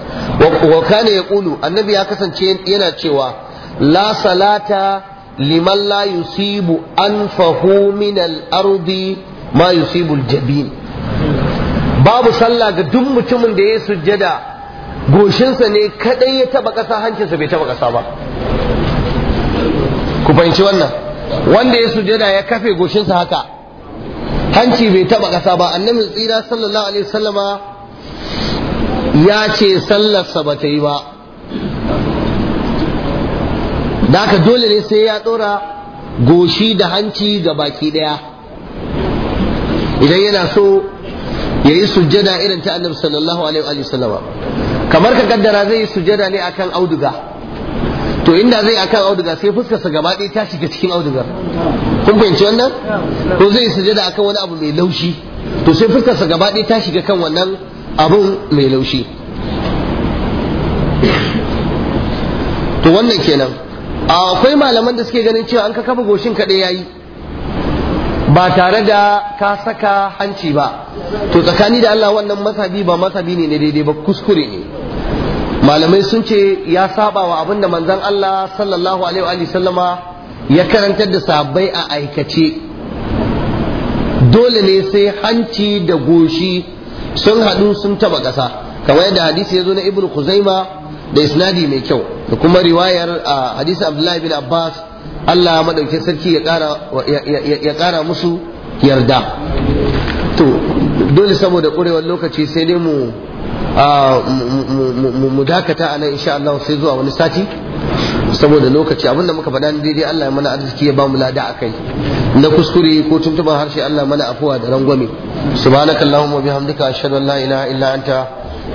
wa kana yaqulu annabi ya kasance yana cewa la salata liman la yusibu anfahu min al-ardi ma yusibu al-jabin babu sallah ga duk mutumin da ya sujjada goshinsa ne kadai ya taba kasa hancinsa bai taba kasa ba ku fahimci wannan wanda ya sujada ya kafe goshinsa haka hanci bai taba ƙasa ba annabi tsira sallallahu alaihi wasallama ya ce sallarsa ba yi ba da haka dole ne sai ya ɗora goshi da hanci ga baki ɗaya idan yana so ya yi sujada irin ta annabi sallallahu alaihi wasallama kamar ka gaddara zai yi sujada ne akan auduga to inda zai kan auduga sai fuskarsa gaba ɗaya ta shiga cikin audugar kun fahimci wannan ko zai da akan wani abu mai laushi to sai fuskarsa gaba ɗaya ta shiga kan wannan abun mai laushi to wannan kenan akwai malaman da suke ganin cewa an ka kafa goshin kaɗai ya yi ba tare da ka saka hanci ba to tsakani da Allah wannan masabi ba masabi ne na daidai ba kuskure ne malamai sun ce ya saba wa abinda manzan Allah sallallahu alaihi wa sallama ya karantar da sabai a aikace dole ne sai hanci da goshi sun haɗu sun taba ƙasa kamar yadda hadisi ya zo na ibn kuzaima da isnadi mai kyau da kuma riwayar a hadisi abdullahi bin abbas allah maɗauke sarki ya ƙara musu yarda to dole saboda ƙurewar lokaci sai dai mu mu dakata a nan insha Allah sai zuwa wani sati saboda lokaci abinda muka faɗa daidai Allah ya mana arziki ya bamu lada a kai na kuskure ko tuntuban harshe Allah mana afuwa da rangwame subhanaka allahumma wa bihamdika ashhadu an la ilaha illa anta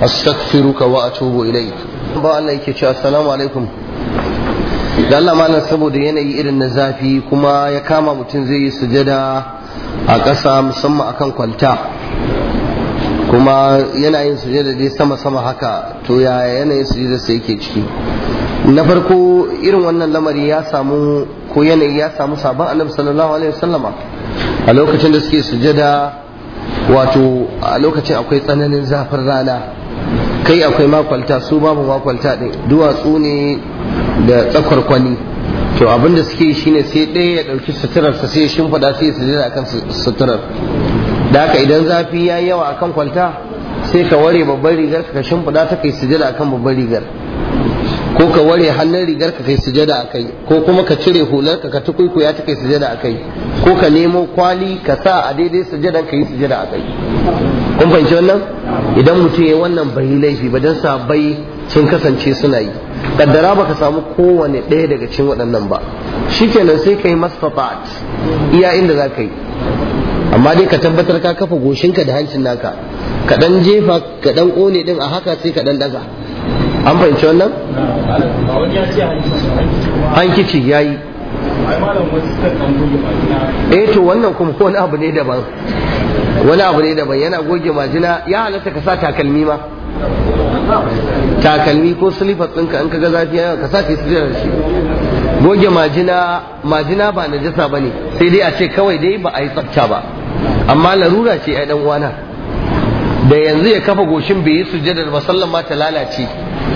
astaghfiruka wa atubu ilaik ba Allah yake cewa assalamu alaikum da Allah malam saboda yanayi irin na zafi kuma ya kama mutum zai yi sujada a ƙasa musamman akan kwalta kuma yana yin da dai sama sama haka to ya yanayin da sai yake ciki na farko irin wannan lamari ya samu ko yanayi ya samu sabon annabi sallallahu alaihi wasallama a lokacin da suke sujada wato a lokacin akwai tsananin zafin rana kai akwai makwalta su babu makwalta din duwatsu ne da tsakwarkwani to abin da suke shine sai ɗaya ya ɗauki suturarsa sai ya shimfiɗa sai ya sujada akan suturar da haka idan zafi ya yi yawa akan kwalta sai ka ware babban rigar ka shimfiɗa ta kai sujada akan babban rigar ko ka ware hannun rigar ka kai sujada akai ko kuma ka cire hular ka ka tukuikuya ta kai sujada akai ko ka nemo kwali ka sa a daidai sujadan ka yi sujada akai kun fahimci wannan idan mutum ya wannan bai laifi ba dan bai sun kasance suna yi kaddara baka samu kowane ɗaya daga cikin waɗannan ba shikenan sai ka yi mastafat iya inda za ka yi amma dai ka tabbatar ka kafa goshinka da hancin naka ka dan jefa ka dan kone din a haka sai ka dan daga an fahimci wannan hankici yi. eh to wannan kuma ko wani abu ne daban wani abu ne daban yana goge majina ya halatta ka sa takalmi ma takalmi ko silifas ɗinka in ka ga zafi yana ka sa ka yi da shi goge majina majina ba najasa bane sai dai a ce kawai dai ba a yi tsafta ba amma larura ce a dan uwana da yanzu ya kafa goshin bai yi sujjadar ba sallan ma ta lalace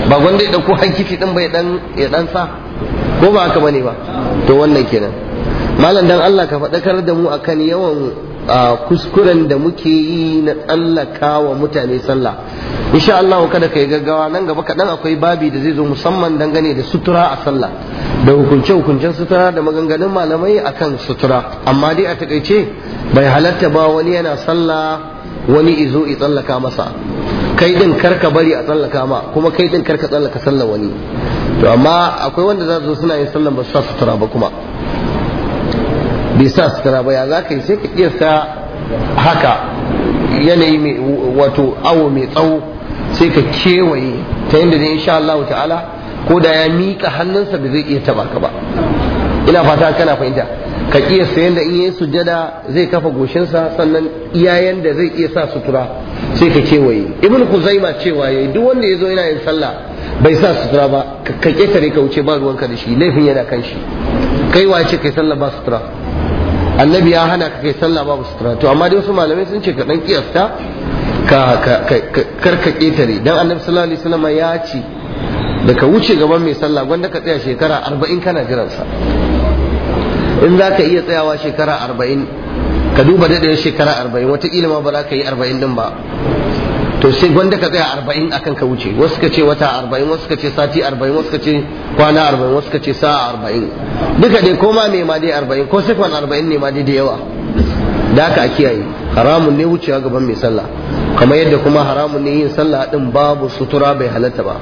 ba gwanda ya dauko hankici din bai dan ya dan sa ko ba haka bane ba to wannan kenan malam dan Allah ka faɗakar da mu akan yawan kuskuren da muke yi na tsallaka wa mutane sallah insha Allah kada kai gaggawa nan gaba kaɗan akwai babi da zai zo musamman dangane da sutura a sallah da hukunce hukuncen sutura da maganganun malamai akan sutura amma dai a takaice bai halatta ba wani yana sallah wani izo i tsallaka masa kai din karka bari a tsallaka ma kuma kai din karka tsallaka sallah wani to amma akwai wanda za su suna yin sallah ba su sa sutura ba kuma bai sa sutura ba ya za ka yi sai ka sa haka yanayi mai wato awo mai tsawo sai ka kewaye ta yadda da insha Allah ta'ala ko da ya miƙa hannunsa da zai iya taba ka ba ina fata kana fahimta ka sayan da in yi sujjada zai kafa goshinsa sannan iyayen da zai iya sa sutura sai ka kewaye ibn kuzaima cewa yayi duk wanda ya zo yana yin sallah bai sa sutura ba ka ketare ka wuce ba ruwanka da shi laifin yana kan shi kai ce kai sallah ba sutura annabi ya hana ka kai sallah ba sutura to amma dai wasu malamai sun ce ka dan kiyasta ka kar ka ketare dan annabi sallallahu alaihi wasallam ya ce da ka wuce gaban mai sallah gwanda ka tsaya shekara arba'in kana sa in za ka iya tsayawa shekara arba'in ka duba daɗin shekara arba'in watakila ma ba za ka yi arba'in din ba to sai gwanda ka tsaya arba'in akan ka wuce wasu ka ce wata arba'in wasu ka ce sati arba'in wasu ka ce kwana arba'in wasu ka ce sa arba'in duka dai koma ne ma dai arba'in ko kwan arba'in ne ma dai da yawa da aka a kiyaye haramun ne wucewa gaban mai sallah kamar yadda kuma haramun ne yin sallah din babu sutura bai halatta ba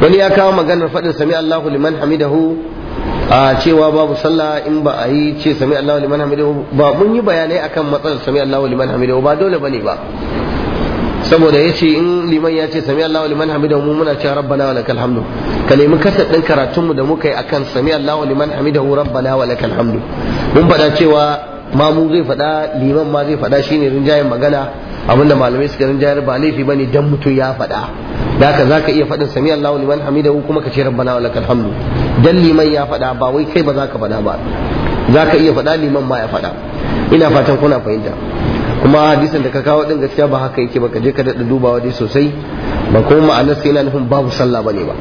wani ya kawo maganar faɗin sami Allahu liman hamidahu a cewa babu sallah in ba a yi ce sami allah wa liman hamidahu ba mun yi bayanai akan matsalar sami allah wa liman hamidahu ba dole bane ba saboda yace in liman ya ce sami wa liman hamidahu mu muna cewa rabbana wa lakal hamdu ka nemi kasar din karatun mu da muka yi akan sami wa liman hamidahu rabbana wa lakal hamdu mun faɗa cewa ma mu zai faɗa liman ma zai faɗa shine rinjayen magana abinda malamai suka rinjayar ba laifi bane dan mutum ya faɗa da haka zaka iya faɗin sami Allahu liman hamidahu kuma ka ce rabbana wa lakal hamdu dan liman ya faɗa ba wai kai ba zaka faɗa ba zaka iya faɗa liman ma ya faɗa ina fatan kuna fahimta kuma hadisin da ka kawo din gaskiya ba haka yake ba ka je ka dada dubawa dai sosai ba kuma ma'anar sai yana nufin babu sallah bane ba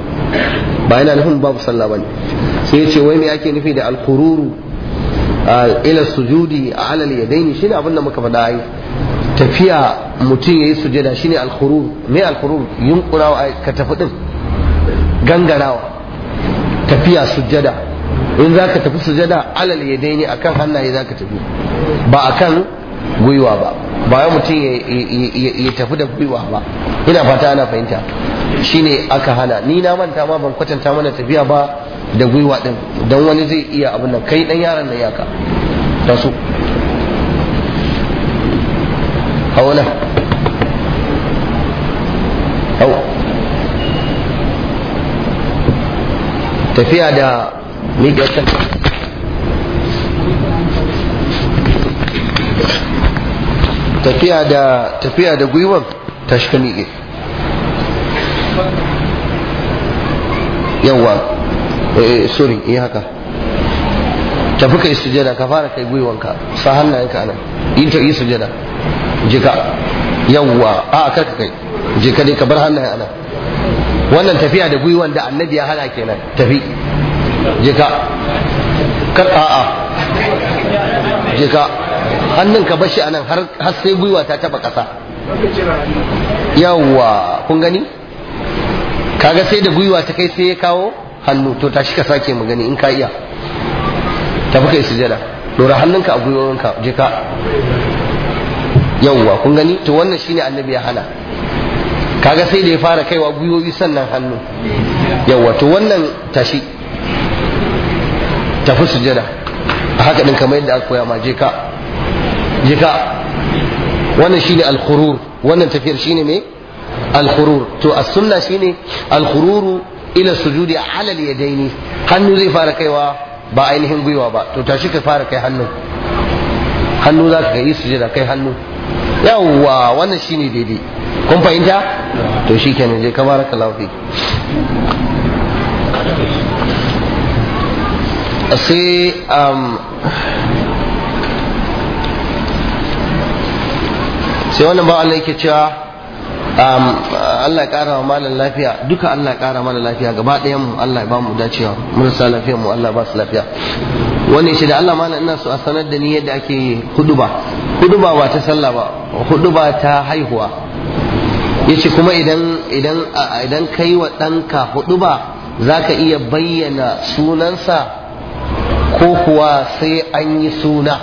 ba yana nufin babu sallah bane sai ya ce wai me ake nufi da alkururu ila sujudi ala yadaini shine abin da muka faɗa ai tafiya mutum ya yi sujada shine alkhurur me alkhurur yunkurawa ka tafi din gangarawa tafiya sujada in za ka tafi sujada alal ya daini a kan hannaye za ka tafi ba a kan gwiwa ba ba ya mutum ya tafi da gwiwa ba ina fata ana fahimta shine aka hana ni na manta ma ban kwatanta mana tafiya ba da gwiwa din don wani zai iya abin nan kai ɗan yaron da yaka taso hau nan أو tafiya da miƙe tafiya da tafiya da gwiwar ta shiga miƙe yawa eh sorry eh haka tafi kai sujada ka fara kai gwiwanka sa hannayenka anan yi ta yi sujada jika yawwa a karka kai jika dai ka bar hannayen ana wannan tafiya da gwiwan da annabi ya hana kenan tafi jika kar a'a jika hannun ka bashi anan har sai gwiwa ta taba kasa yawwa kun gani kaga sai da gwiwa ta kai sai ya kawo hannu to tashi ka sake mu gani in ka iya tafi kai sujada dora hannunka a gwiwonka jika yawwa kun gani to wannan shine annabi ya hana kaga sai da ya fara kaiwa gwiwowi sannan hannu yawwa to wannan tashi tafi sujada a haka din kamar yadda aka koya ma je ka je ka wannan shine al-khurur wannan tafiyar shine me al-khurur to as-sunna shine al khurur ila sujudi ala al-yadaini hannu zai fara kaiwa ba ainihin gwiwa ba to tashi ka fara kai hannu hannu za ka yi sujada kai hannu yawwa wannan shine daidai kun fahimta to shi shikenan je ka baraka lafi sai um, sai wannan ba Allah yake cewa um, Allah ya kara wa malam lafiya duka Allah ya kara mana lafiya gaba ɗayan mu Allah ya ba mu dacewa marasa lafiyar mu Allah ba su lafiya wannan shi da Allah malam ina so a sanar da ni yadda ake huduba huduba ba ta sallah ba huduba ta haihuwa yace kuma idan idan idan kai wa ɗanka huduba zaka iya bayyana sunansa ko kuwa sai an yi suna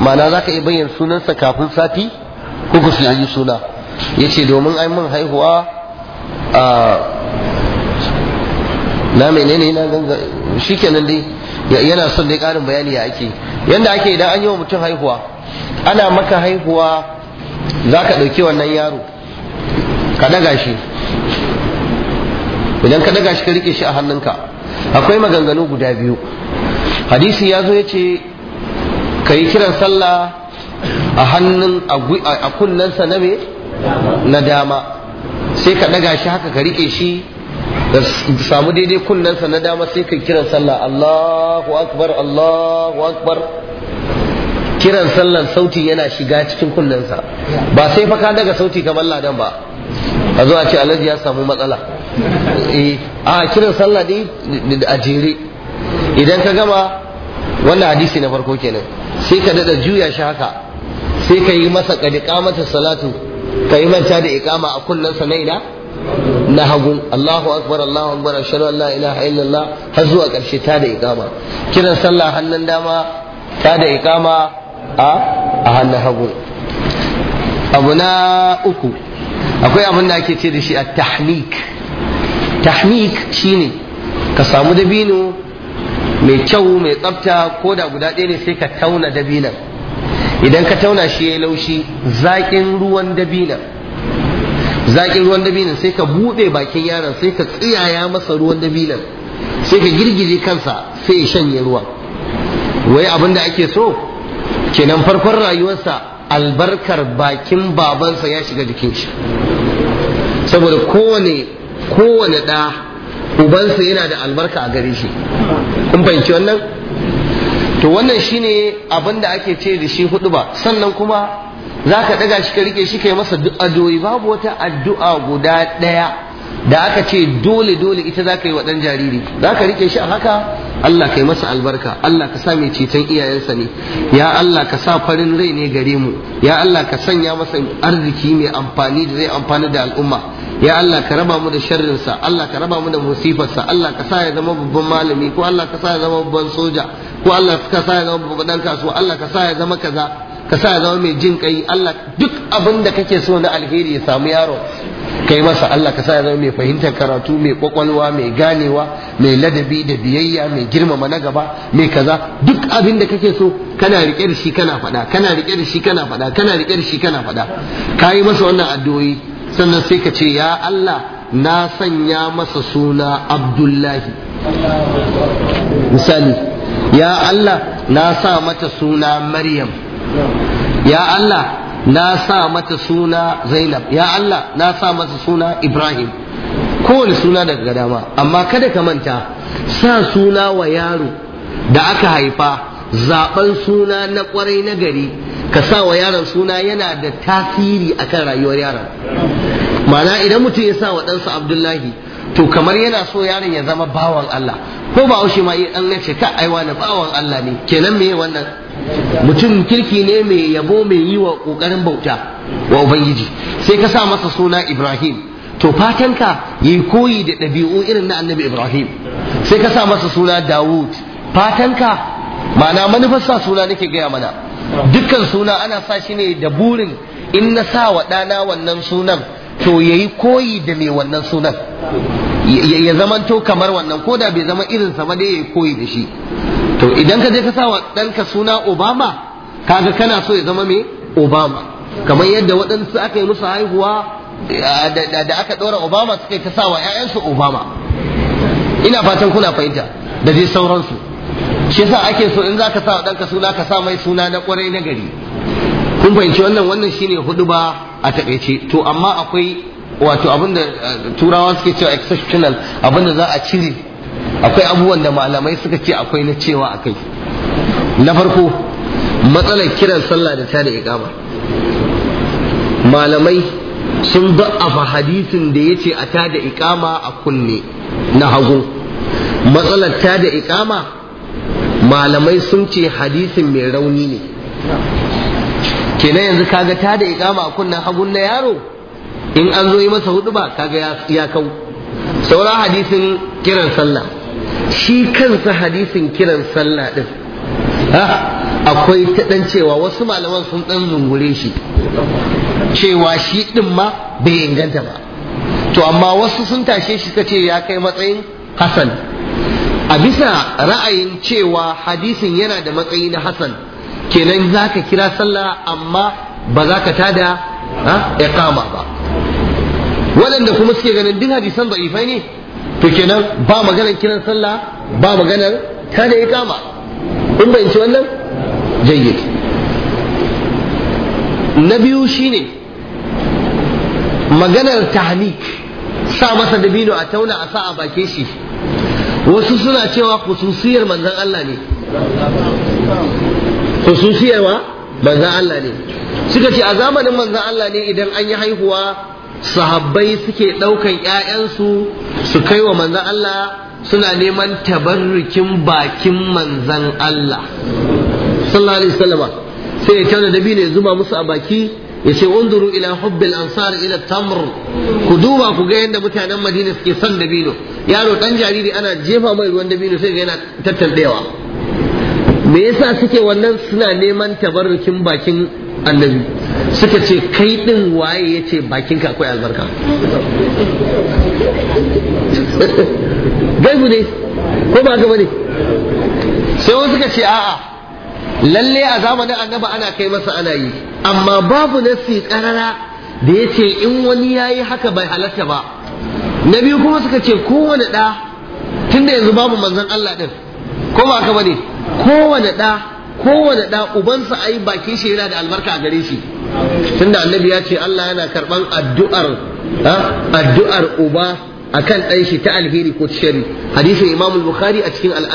ma'ana zaka iya bayyana sunansa kafin sati ko kuwa sai an yi suna ya ce domin an mun haihuwa a na menene na ganga shi kenan dai yana son dai karin bayani ya ake yadda ake idan an yi wa mutum haihuwa ana maka haihuwa za ka ɗauki wannan yaro ka ɗaga shi idan ka ɗaga shi ka riƙe shi a hannunka akwai maganganu guda biyu hadisi ya zo ya ce ka yi kiran sallah a hannun a kunnensa na me na dama sai ka daga shi haka ka riƙe shi da samu daidai kunnensa na dama sai ka kiran sallah Allahu akbar Allahu akbar kiran sallan sauti yana shiga cikin kunnensa ba sai fa ka daga sauti kamar ladan ba a zo a ce alhaji ya samu matsala eh, a kiran sallah ne a jere idan ka gama wannan hadisi na farko kenan sai ka dada juya shi haka sai ka yi masa kadi kamata salatu ka yi manta da ikama a kullum sa na na hagu Allahu akbar Allahu akbar ashhadu an la ilaha illallah har zuwa karshe ta da ikama kiran sallah hannun dama ta da ikama a a hannun hagu abu na uku akwai abin da ake ce da shi a tahnik tahnik shine ka samu dabino mai kyau mai tsafta ko da guda ɗaya ne sai ka tauna dabinan idan ka tauna shi ya yi laushi zaƙin ruwan dabina zaƙin ruwan dabina sai ka buɗe bakin yaron sai ka tsiyaya masa ruwan dabina, sai ka girgije kansa sai ya shanye ruwa wai abin da ake so kenan farkon rayuwarsa albarkar bakin babansa ya shiga jikin shi saboda kowane kowane ɗa ubansa yana da albarka a gare shi kun fahimci wannan to wannan shine abin da ake ce da shi hudu ba sannan kuma za ka ɗaga shi ka rike shi ka yi masa addu'a babu wata addu'a guda ɗaya da aka ce dole dole ita za ka yi wa ɗan jariri za ka rike shi a haka Allah ka yi masa albarka Allah ka sa mai ceton iyayensa ne ya Allah ka sa farin rai ne gare mu ya Allah ka sanya masa arziki mai amfani da zai amfani da al'umma ya Allah ka raba mu da sharrinsa Allah ka raba mu da musifarsa Allah ka sa ya zama babban malami ko Allah ka sa ya zama babban soja ko Allah ka sa ya zama babban kasuwa Allah ka sa ya zama kaza ka sa ya zama mai jin kai Allah duk abin da kake so na alheri ya samu yaro kai masa Allah ka sa ya zama mai fahimtar karatu mai kwakwalwa mai ganewa mai ladabi da biyayya mai girmama na gaba mai kaza duk abin da kake so kana rike da shi kana faɗa kana rike da shi kana faɗa kana rike da shi kana faɗa ka yi masa wannan addu'o'i sannan sai ka ce ya Allah na sanya masa suna Abdullahi misali ya Allah na sa mata suna Maryam ya Allah na sa mata suna Zainab ya Allah na sa mata suna Ibrahim kowane suna daga dama amma kada ka manta sa suna wa yaro da aka haifa zaben suna na kwarai na gari ka sa wa yaron suna yana da tasiri akan rayuwar yaron Mana idan mutum ya sa wa ɗansa Abdullahi to kamar yana so yaron ya zama bawan Allah ko ba aushe ma yi an ce ka aiwa na bawan Allah ne kenan me wannan mutum kirki ne mai yabo mai yi wa kokarin bauta wa ubangiji sai ka sa masa suna Ibrahim to fatanka yi koyi da ɗabi'u irin na annabi Ibrahim sai ka sa masa suna Dawud fatanka ma'ana manufar sa suna nake gaya mana dukkan suna ana sa shi ne da burin in na sa wa ɗana wannan sunan to yayi koyi da mai wannan sunan ya zamanto kamar wannan ko da bai zama irin sama dai yayi koyi da shi to idan ka je ka sa wa ɗanka suna obama kaga kana so ya zama mai obama kamar yadda waɗansu aka yi musu haihuwa eh, da aka ɗora obama suka yi ta sa wa 'ya'yansu obama ina fatan kuna fahimta da dai sauransu shi yasa ake so in za ka sa wa ɗanka suna ka sa mai suna na ƙwarai na gari kun fahimci wannan wannan shine hudu ba a takaice to amma akwai wato abinda eh, turawa suke cewa exceptional abinda za a cire akwai abubuwan da malamai suka ce akwai na cewa akai na farko matsalar kiran sallah da tada iqama malamai sun da'afa hadisin da yace a tada iqama a kunne na hagu matsalar tada iqama malamai sun ce hadisin mai rauni ne kenan yanzu kaga ta da ikama a kunnan hagun na yaro in an zo yi masa hudu ba kaga ya kau saura hadisin kiran sallah shi kansa hadisin kiran sallah din akwai ta dan cewa wasu malaman sun dan zungure shi cewa shi din ma bai inganta ba to amma wasu sun tashe shi suka ya kai matsayin hasan a bisa ra'ayin cewa hadisin yana da matsayi na hasan kenan za ka kira sallah amma ba za ka tada iqama ba waɗanda kuma suke ganin duk hadisan da'ifai ne to kenan ba maganar kiran sallah ba maganar tada iqama in ba ci wannan jayyid na biyu shine maganar tahnik sa masa dabino a tauna a sa a bake shi wasu suna cewa kususiyar manzon Allah ne khususiyarwa manzan Allah ne suka ce a zamanin manzan Allah ne idan an yi haihuwa sahabbai suke ɗaukan ‘ya'yansu su kai wa manzan Allah suna neman tabarrukin bakin manzan Allah sallallahu alaihi sai ya da dabino ne zuba musu a baki ya ce unzuru ila hubbil ansar ila tamr ku duba ku ga yadda mutanen madina suke son dabino yaro dan jariri ana jefa mai ruwan dabino sai ga yana tattaldewa me yasa suke wannan suna neman tabarrukin bakin annabi suka ce kai din waye ya ce bakinka akwai albarka gaibu ne ko ba gaba ne sai wasu suka ce a'a lalle a zamanin annaba ana kai masa ana yi amma babu nasi karara da ya ce in wani ya yi haka bai halatta ba na biyu kuma suka ce kowane ɗa tunda yanzu babu manzon Allah ɗin ko ba ka bane kowane ɗa kowane ɗa ubansa ai bakin shi yana da albarka a gare shi tunda annabi ya ce Allah yana karban addu'ar addu'ar uba akan ɗan shi ta alheri ko shari hadisin imamul Bukhari a cikin al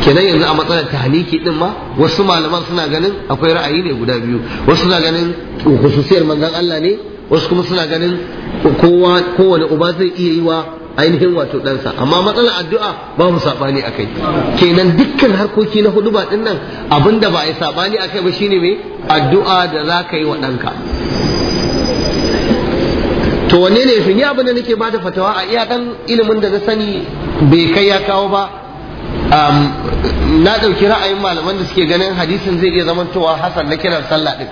kenan yanzu a matsalar tahniki ɗin ma wasu malaman suna ganin akwai ra'ayi ne guda biyu wasu suna ganin khususiyar manzon Allah ne wasu kuma suna ganin kowa kowane uba zai iya yi wa ainihin wato ɗansa amma matsalar addu'a ba mu saɓani a kai kenan dukkan harkoki na hudu ba ɗin nan abinda ba a yi saɓani a kai ba shine me addu'a da za ka yi wa ɗanka to wanne ne shi ni abin da nake bada fatawa a iya ɗan ilimin da na sani bai kai ya kawo ba na ɗauki ra'ayin malaman da suke ganin hadisin zai iya zamantowa hasan na kiran sallah ɗin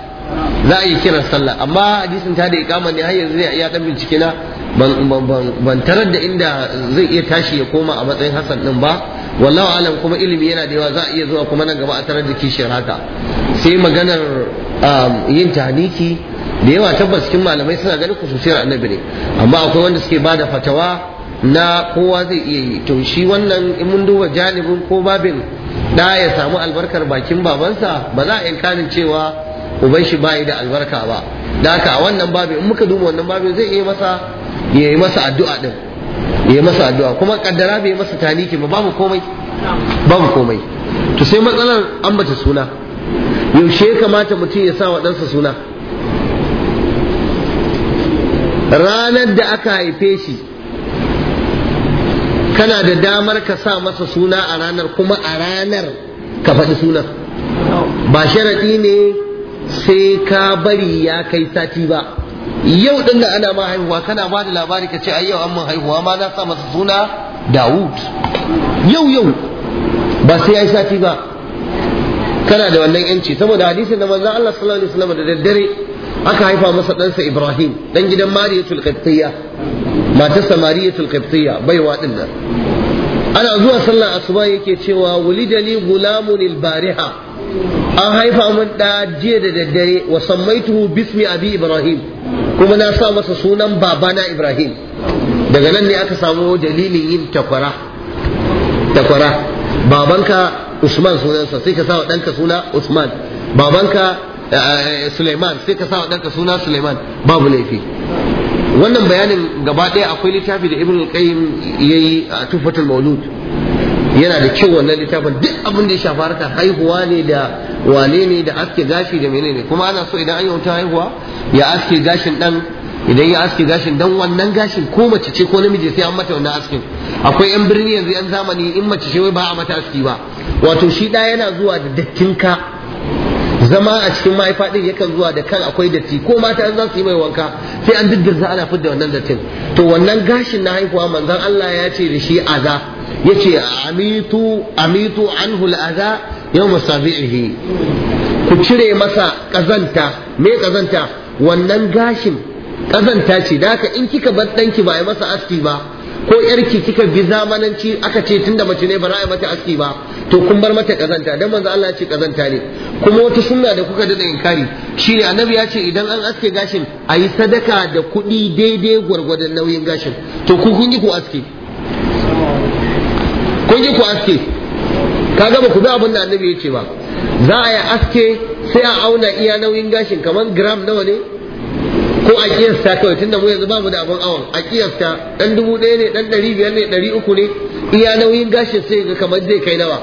za a yi kiran sallah amma hadisin ta da ikama ne har yanzu ne a iya ɗan bincike na ban tarar da inda zai iya tashi ya koma a matsayin Hassan din ba wallahu alam kuma ilimi yana da yawa za a iya zuwa kuma nan gaba a tarar da kishiyar haka sai maganar um, yin tahniki da yawa tabbas cikin malamai suna ganin kususiyar annabi ne amma akwai wanda suke ba da fatawa na kowa zai iya yi to shi wannan in mun duba janibin ko babin da ya samu albarkar bakin babansa ba za a inkarin cewa uban shi bai da albarka ba da haka a wannan babin in muka duba wannan babin zai iya masa ya yi masa addu'a din ya yi masa addu'a kuma kaddara bai masa taliki ba babu komai babu komai to sai matsalar ambata suna yaushe ya kamata mutum ya sa wa ɗansa suna ranar da aka haife shi kana da damar ka sa masa suna a ranar kuma a ranar ka faɗi suna ba sharaɗi ne sai ka bari ya kai sati ba yau din da ana ma haihuwa kana ba da labari ka ce ai yau an mun haihuwa ma na sa masa suna Dawud yau yau ba sai ai sati ba kana da wannan yanci saboda hadisin da manzon Allah sallallahu alaihi wasallam da daddare aka haifa masa ɗansa Ibrahim dan gidan Mariyatul Qibtiyya matarsa Mariyatul Qibtiyya baiwa din nan ana zuwa sallar asuba yake cewa wulidali gulamun al-bariha an haifa mun da jiya da daddare wa sammaituhu bismi abi ibrahim kuma na sa masa sunan babana ibrahim daga nan ne aka samu dalilin yin takwara takwara babanka usman sunansa sai ka sa wa ɗanka suna usman babanka eh, eh, suleiman sai ka sa ɗanka suna suleiman babu laifi wannan bayanin gaba ɗaya akwai littafi da ibn qayyim yayi a tufatul maulud yana da kyau wannan littafin duk abin da ya shafa harkar haihuwa ne da wane ne da aske gashi da menene kuma ana so idan an yi wata haihuwa ya aske gashin dan idan ya aske gashin dan wannan gashin ko mace ce ko namiji sai an mata wannan askin akwai yan birni yanzu yan zamani in mace ce wai ba a mata aski ba wato shi da yana zuwa da dattin ka zama a cikin mahaifa din yakan zuwa da kan akwai datti ko mata za su yi mai wanka sai an diddirza ana fidda wannan dattin to wannan gashin na haihuwa manzon Allah ya ce da shi aza yace amitu amitu anhu al'aza yawm sabihi ku cire masa kazanta me kazanta wannan gashin kazanta ce da haka in kika bar danki ba masa aski ba ko yarki kika bi zamananci aka ce tunda mace ne ba za a mata aski ba to kun bar mata kazanta dan manzo Allah ya ce kazanta ne kuma wata sunna da kuka daɗa inkari shine annabi ya ce idan an aske gashin ayi sadaka da kuɗi daidai gwargwadon nauyin gashin to ku kun yi ku aske kun yi ku aske Ka ba ku bi abin da annabi ya ce ba za a yi aske sai a auna iya nauyin gashin kamar gram nawa ne ko a kiyasta kawai tunda mu yanzu ba mu da abin awon a kiyasta dan dubu ɗaya ne dan ɗari biyar ne ɗari uku ne iya nauyin gashin sai ga kamar zai kai nawa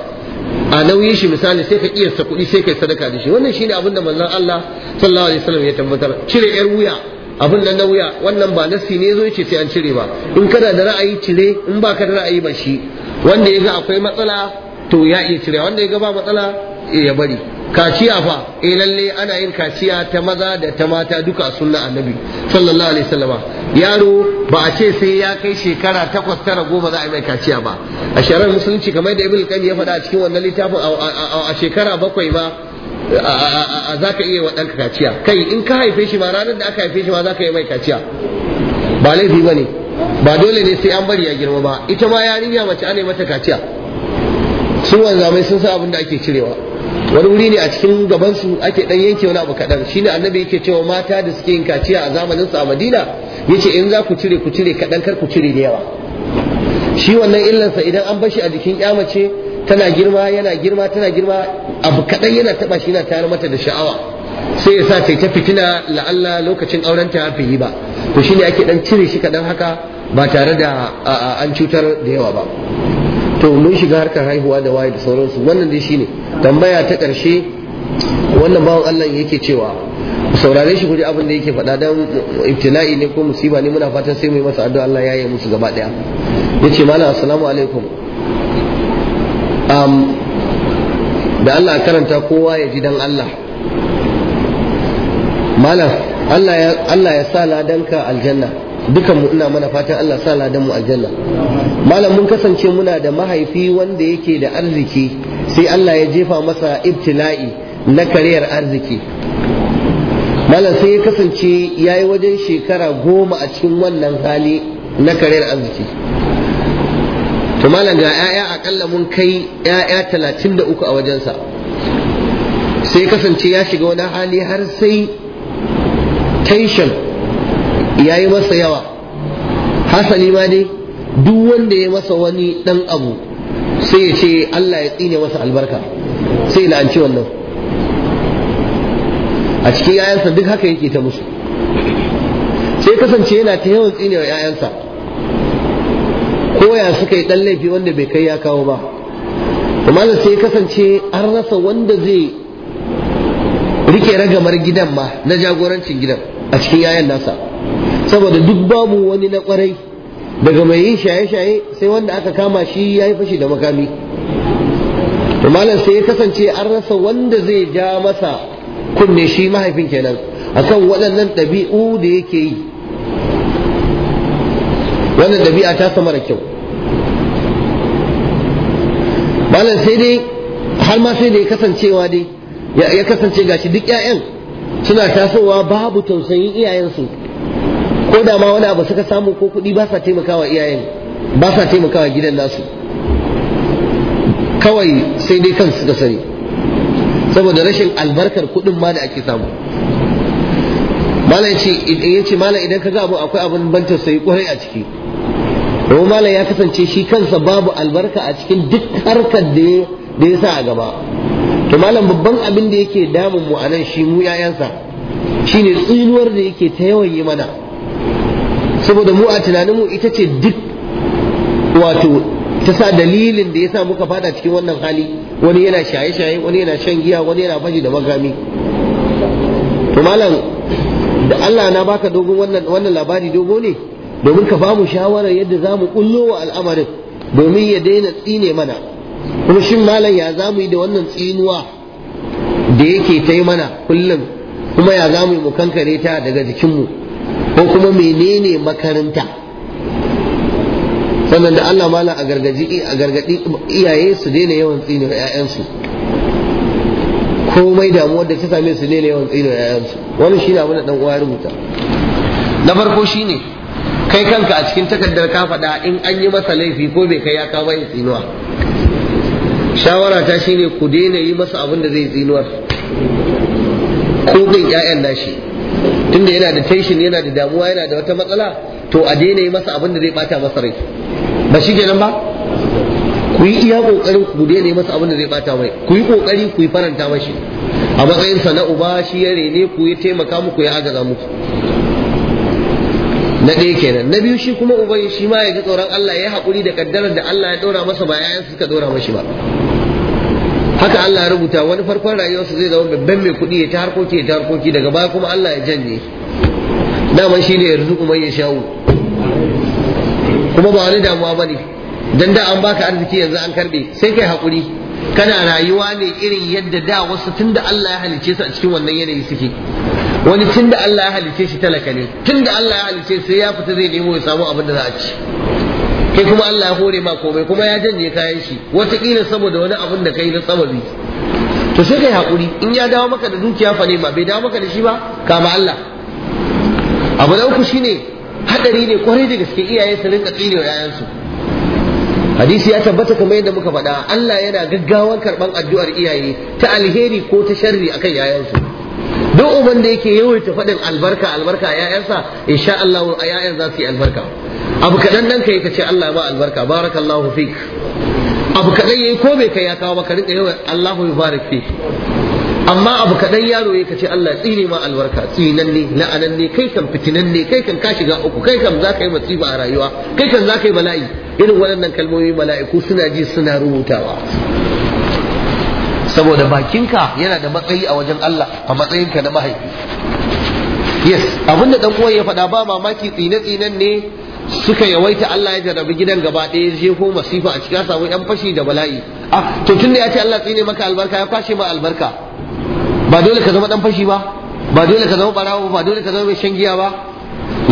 a nauyin shi misali sai ka kiyasta kuɗi sai kai sadaka da shi wannan ne abin da manzon Allah sallallahu alaihi wasallam ya tabbatar cire yar wuya abin nan na wuya wannan ba nasi ne zo yace sai an cire ba in kana da ra'ayi cire in baka da ra'ayi ba shi wanda ya ga akwai matsala to ya iya cire wanda ya ga ba matsala ya bari kaciya fa eh lalle ana yin kaciya ta maza da ta mata duka sunna annabi sallallahu alaihi wasallama yaro ba a ce sai ya kai shekara takwas tara goma za a yi mai kaciya ba a shari'ar musulunci kamar da ibn qayyim ya faɗa a cikin wannan littafin a shekara bakwai ba za ka iya wa kaciya kai in ka haife shi ma ranar da aka haife shi ma za ka yi mai kaciya ba laifi ba ne ba dole ne sai an bari ya girma ba ita ma yarinya mace ana mata kaciya sun wanzamai sun sa abin da ake cirewa wani wuri ne a cikin gabansu ake dan yanke wani abu kaɗan shine annabi yake cewa mata da suke yin kaciya a zamanin su a madina yace in za ku cire ku cire kaɗan kar ku cire da yawa shi wannan illansa idan an bashi a jikin ya mace tana girma yana girma tana girma abu kaɗan yana taba shi yana tayar mata da sha'awa sai ya sa ta fitina la'alla lokacin auren ta fi yi ba to shi ne ake dan cire shi kadan haka ba tare da an cutar da yawa ba to mun shiga harkar haihuwa da waye da sauransu wannan dai shi ne tambaya ta karshe wannan bawan Allah yake cewa saurare shi guji abin da yake faɗa dan ibtila'i ne ko musiba ne muna fatan sai mu yi masa addu'a Allah ya yi musu gaba daya yace malam assalamu alaikum da Allah karanta kowa ya ji dan Allah malam Allah ya sa ladanka aljanna dukan mu ina mana fatan Allah sa ladan mu aljanna malam mun kasance muna da mahaifi wanda yake da arziki sai Allah ya jefa masa ibtila'i na kariyar arziki malam sai ya kasance ya yi wajen shekara goma a cikin wannan hali na kariyar arziki to malam ga 'ya'ya akalla mun kai 'ya'ya talatin da uku a wajensa sai kasance ya shiga wani hali har sai tension ya yi masa yawa hasali ma dai duk wanda ya masa wani dan abu sai ya ce Allah ya tsine masa albarka sai la'anci wannan a cikin yayansa duk haka yake ta musu sai kasance yana ta yawan tsine wa yayansa koya suka yi dan laifi wanda bai kai ya kawo ba amma da sai kasance an rasa wanda zai rike ragamar gidan ma na jagorancin gidan a cikin yayan nasa saboda duk babu wani na kwarai daga mai yin shaye-shaye sai wanda aka kama shi ya yi fashi da makami to malam sai ya kasance an rasa wanda zai ja masa kunne shi mahaifin kenan a kan waɗannan ɗabi'u da yake yi wannan ɗabi'a ta sama da kyau malam sai dai har ma sai da ya kasancewa dai ya kasance gashi duk 'ya'yan suna tasowa babu tausayin iyayensu ko da ma wani abu suka samu ko kuɗi ba sa taimakawa iyayen ba sa taimakawa gidan nasu kawai sai dai kansu suka sani saboda rashin albarkar kuɗin ma da ake samu malam idan ya ce malam idan ka ga abu akwai abin ban tausayi kwarai a ciki domin malam ya kasance shi kansa babu albarka a cikin duk harkar da ya sa a gaba to malam babban abin da yake damun mu anan shi mu yayansa shine tsinuwar da yake ta yawan yi mana saboda mu a tunanin mu ita ce duk wato ta sa dalilin da yasa muka fada cikin wannan hali wani yana shaye-shaye wani yana shan giya wani yana fashi da magami to malam da Allah na baka dogon wannan wannan labari dogo ne domin ka bamu shawarar yadda zamu mu kullo wa al'amarin domin ya daina tsine mana kuma shin malam ya za mu yi da wannan tsinuwa da yake ta yi mana kullum kuma ya za mu yi mu kankare ta daga jikinmu ko kuma menene makaranta sannan da Allah malam a gargaji a gargadi iyaye su daina yawan tsinuwa 'ya'yansu komai damuwar da ta same su daina yawan tsinuwa 'ya'yansu wani shi na abin da dan uwa rubuta na farko shine ne kai kanka a cikin takardar ka faɗa in an yi masa laifi ko bai kai ya kawo yin tsinuwa shawara ta ne ku daina yi masa abin da zai zinuwar ko bin ƴaƴan nashi tunda yana da tension yana da damuwa yana da wata matsala to a daina yi masa abin da zai bata masa rai ba shi kenan ba ku yi iya kokarin ku daina yi masa abin da zai bata mai ku yi kokari ku yi faranta mashi a matsayin sana'u na uba shi ya rene ku yi taimaka muku ya agaza muku na ɗaya kenan na biyu shi kuma uban shi ma ya ji tsoron Allah ya haƙuri da kaddarar da Allah ya ɗora masa ba yayan suka ɗora mashi ba haka Allah ya rubuta wani farkon rayuwarsa zai zama babban mai kuɗi ya ta harkoki ya ta harkoki daga baya kuma Allah ya janye daman shi ne ya rizuku mai ya shawo kuma ba wani damuwa ba ne dan da an baka arziki yanzu an karbe sai kai haƙuri kana rayuwa ne irin yadda da wasu tunda Allah ya halicce su a cikin wannan yanayi suke wani tun da Allah ya halice shi talaka ne tun da Allah ya halice sai ya fita zai nemo ya samu abin da za a ci kai kuma Allah ya hore ma komai kuma ya janye kayan shi wataƙila saboda wani abin da kai na sababi to sai kai haƙuri in ya dawo maka da dukiya fa ne ma bai dawo maka da shi ba kama Allah abu na uku shine hadari ne kwarai da gaske iyaye su rinka tsine wa yayansu hadisi ya tabbata kamar yadda muka faɗa Allah yana gaggawan karɓan addu'ar iyaye ta alheri ko ta sharri akan yayansu duk uban da yake yawaita faɗin albarka albarka a ƴaƴansa insha Allah a ƴaƴan za su yi albarka abu kaɗan ɗanka yi ka ce Allah ba albarka barakallahu fi. abu kaɗan yayi ko bai kai ya kawo maka rinka yawan Allahu barak fi amma abu kaɗan yaro ya ce Allah ya tsine ma albarka tsinanne ne, kai kan ne, kai kan ka shiga uku kai kan za ka yi ba a rayuwa kai kan za ka yi bala'i irin waɗannan kalmomi mala'iku suna ji suna rubutawa saboda bakinka yana da matsayi a wajen Allah a matsayinka na mahaifi yes abinda dan uwan ya faɗa ba mamaki tsine tsinen ne suka yawaita Allah ya jarabi gidan gaba ɗaya je ko masifa a cikin samu yan fashi da bala'i A, ah, to da ya ce Allah tsine maka albarka ya kwashe ma albarka ba dole ka zama dan fashi ba ba dole ka zama barawo ba dole ka zama mai shan giya ba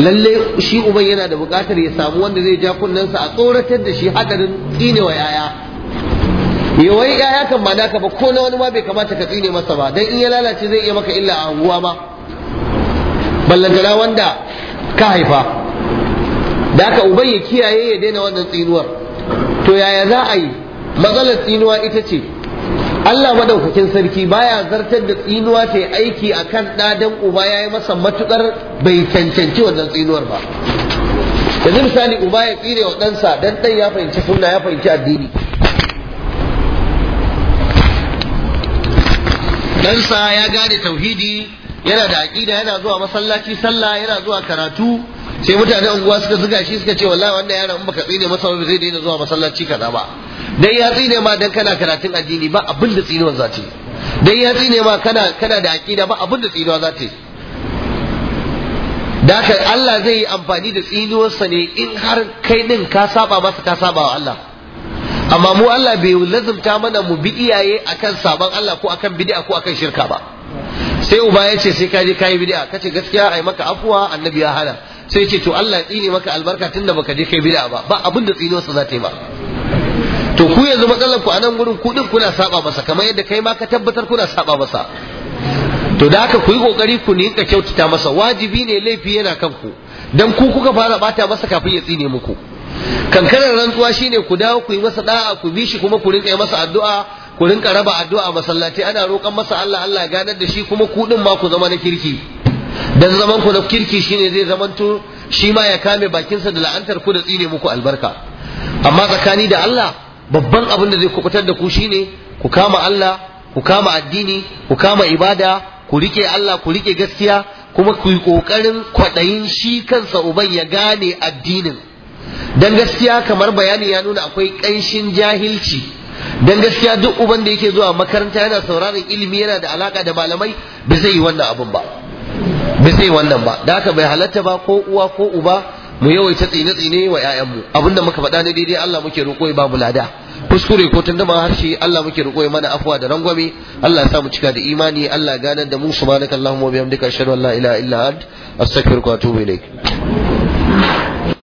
lalle shi uban yana da buƙatar ya samu wanda zai ja kunnensa a tsoratar da shi hadarin tsinewa yaya yawai yaya kan ba naka ba ko na wani ma bai kamata ka tsine masa ba dan in ya lalace zai iya maka illa a ba. ma ballantana wanda ka haifa da aka uban ya kiyaye ya daina wannan tsinuwar to yaya za a yi matsalar tsinuwa ita ce Allah madaukakin sarki baya zartar da tsinuwa ta yi aiki akan kan dan uba ya yi masa matuƙar bai cancanci wannan tsinuwar ba yanzu misali uba ya tsine wa ɗansa dan ɗan ya fahimci sunna ya fahimci addini ɗansa ya gane tauhidi yana da aƙida yana zuwa masallaci sallah yana zuwa karatu sai mutane unguwa suka zuga shi suka ce wallahi wannan yaron in baka tsine masa ba zai daina zuwa masallaci kaza ba dan ya tsine ma dan kana karatun addini ba abin da tsinuwa za dan ya tsine ma kana kana da aƙida ba abin da tsinuwa za ta dan Allah zai yi amfani da tsinuwarsa ne in har kai din ka saba masa ka saba wa Allah amma mu Allah bai lazumta mana mu bi iyaye akan sabon Allah ko akan bid'a ko akan shirka ba sai uba ya ce sai ka je kai bid'a kace gaskiya ai maka afuwa annabi ya hana sai ce to Allah ya tsine maka albarka tunda baka je kai bid'a ba ba abin da tsinuwarsa za ta yi ba to ku yanzu matsalar ku a nan gurin ku din kuna saba masa kamar yadda kai ma ka tabbatar kuna saba masa to da haka ku yi kokari ku ka kyautata masa wajibi ne laifi yana kan ku. dan ku kuka fara bata masa kafin ya tsine muku kankanar rantsuwa shine ku dawo ku yi masa da'a ku bi shi kuma ku rinka masa addu'a ku rinka raba addu'a masallaci ana roƙon masa Allah Allah ganar da shi kuma ku din ma ku zama na kirki dan zaman ku na kirki shine zai zamanto shi ma ya kame bakinsa da la'antar ku da tsire muku albarka amma tsakani da Allah babban abin da zai kubutar da ku shine ku kama Allah ku kama addini ku kama ibada ku rike Allah ku rike gaskiya kuma ku yi kokarin kwaɗayin shi kansa uban ya gane addinin dan gaskiya kamar bayani ya nuna akwai ƙanshin jahilci dan gaskiya duk uban da yake zuwa makaranta yana sauraron ilimi yana da alaka da malamai ba zai yi wannan abun ba ba zai wannan ba da haka bai halatta ba ko uwa ko uba mu yawaita tsine-tsine wa 'ya'yanmu abinda muka faɗa na daidai Allah muke roƙo ya babu lada kuskure ko tundama harshe Allah muke roƙo mana afwa da rangwame Allah ya sa mu cika da imani Allah ganar da mu subhanakallahumma wa bihamdika ashhadu an la ilaha illa ant astaghfiruka wa atubu ilaik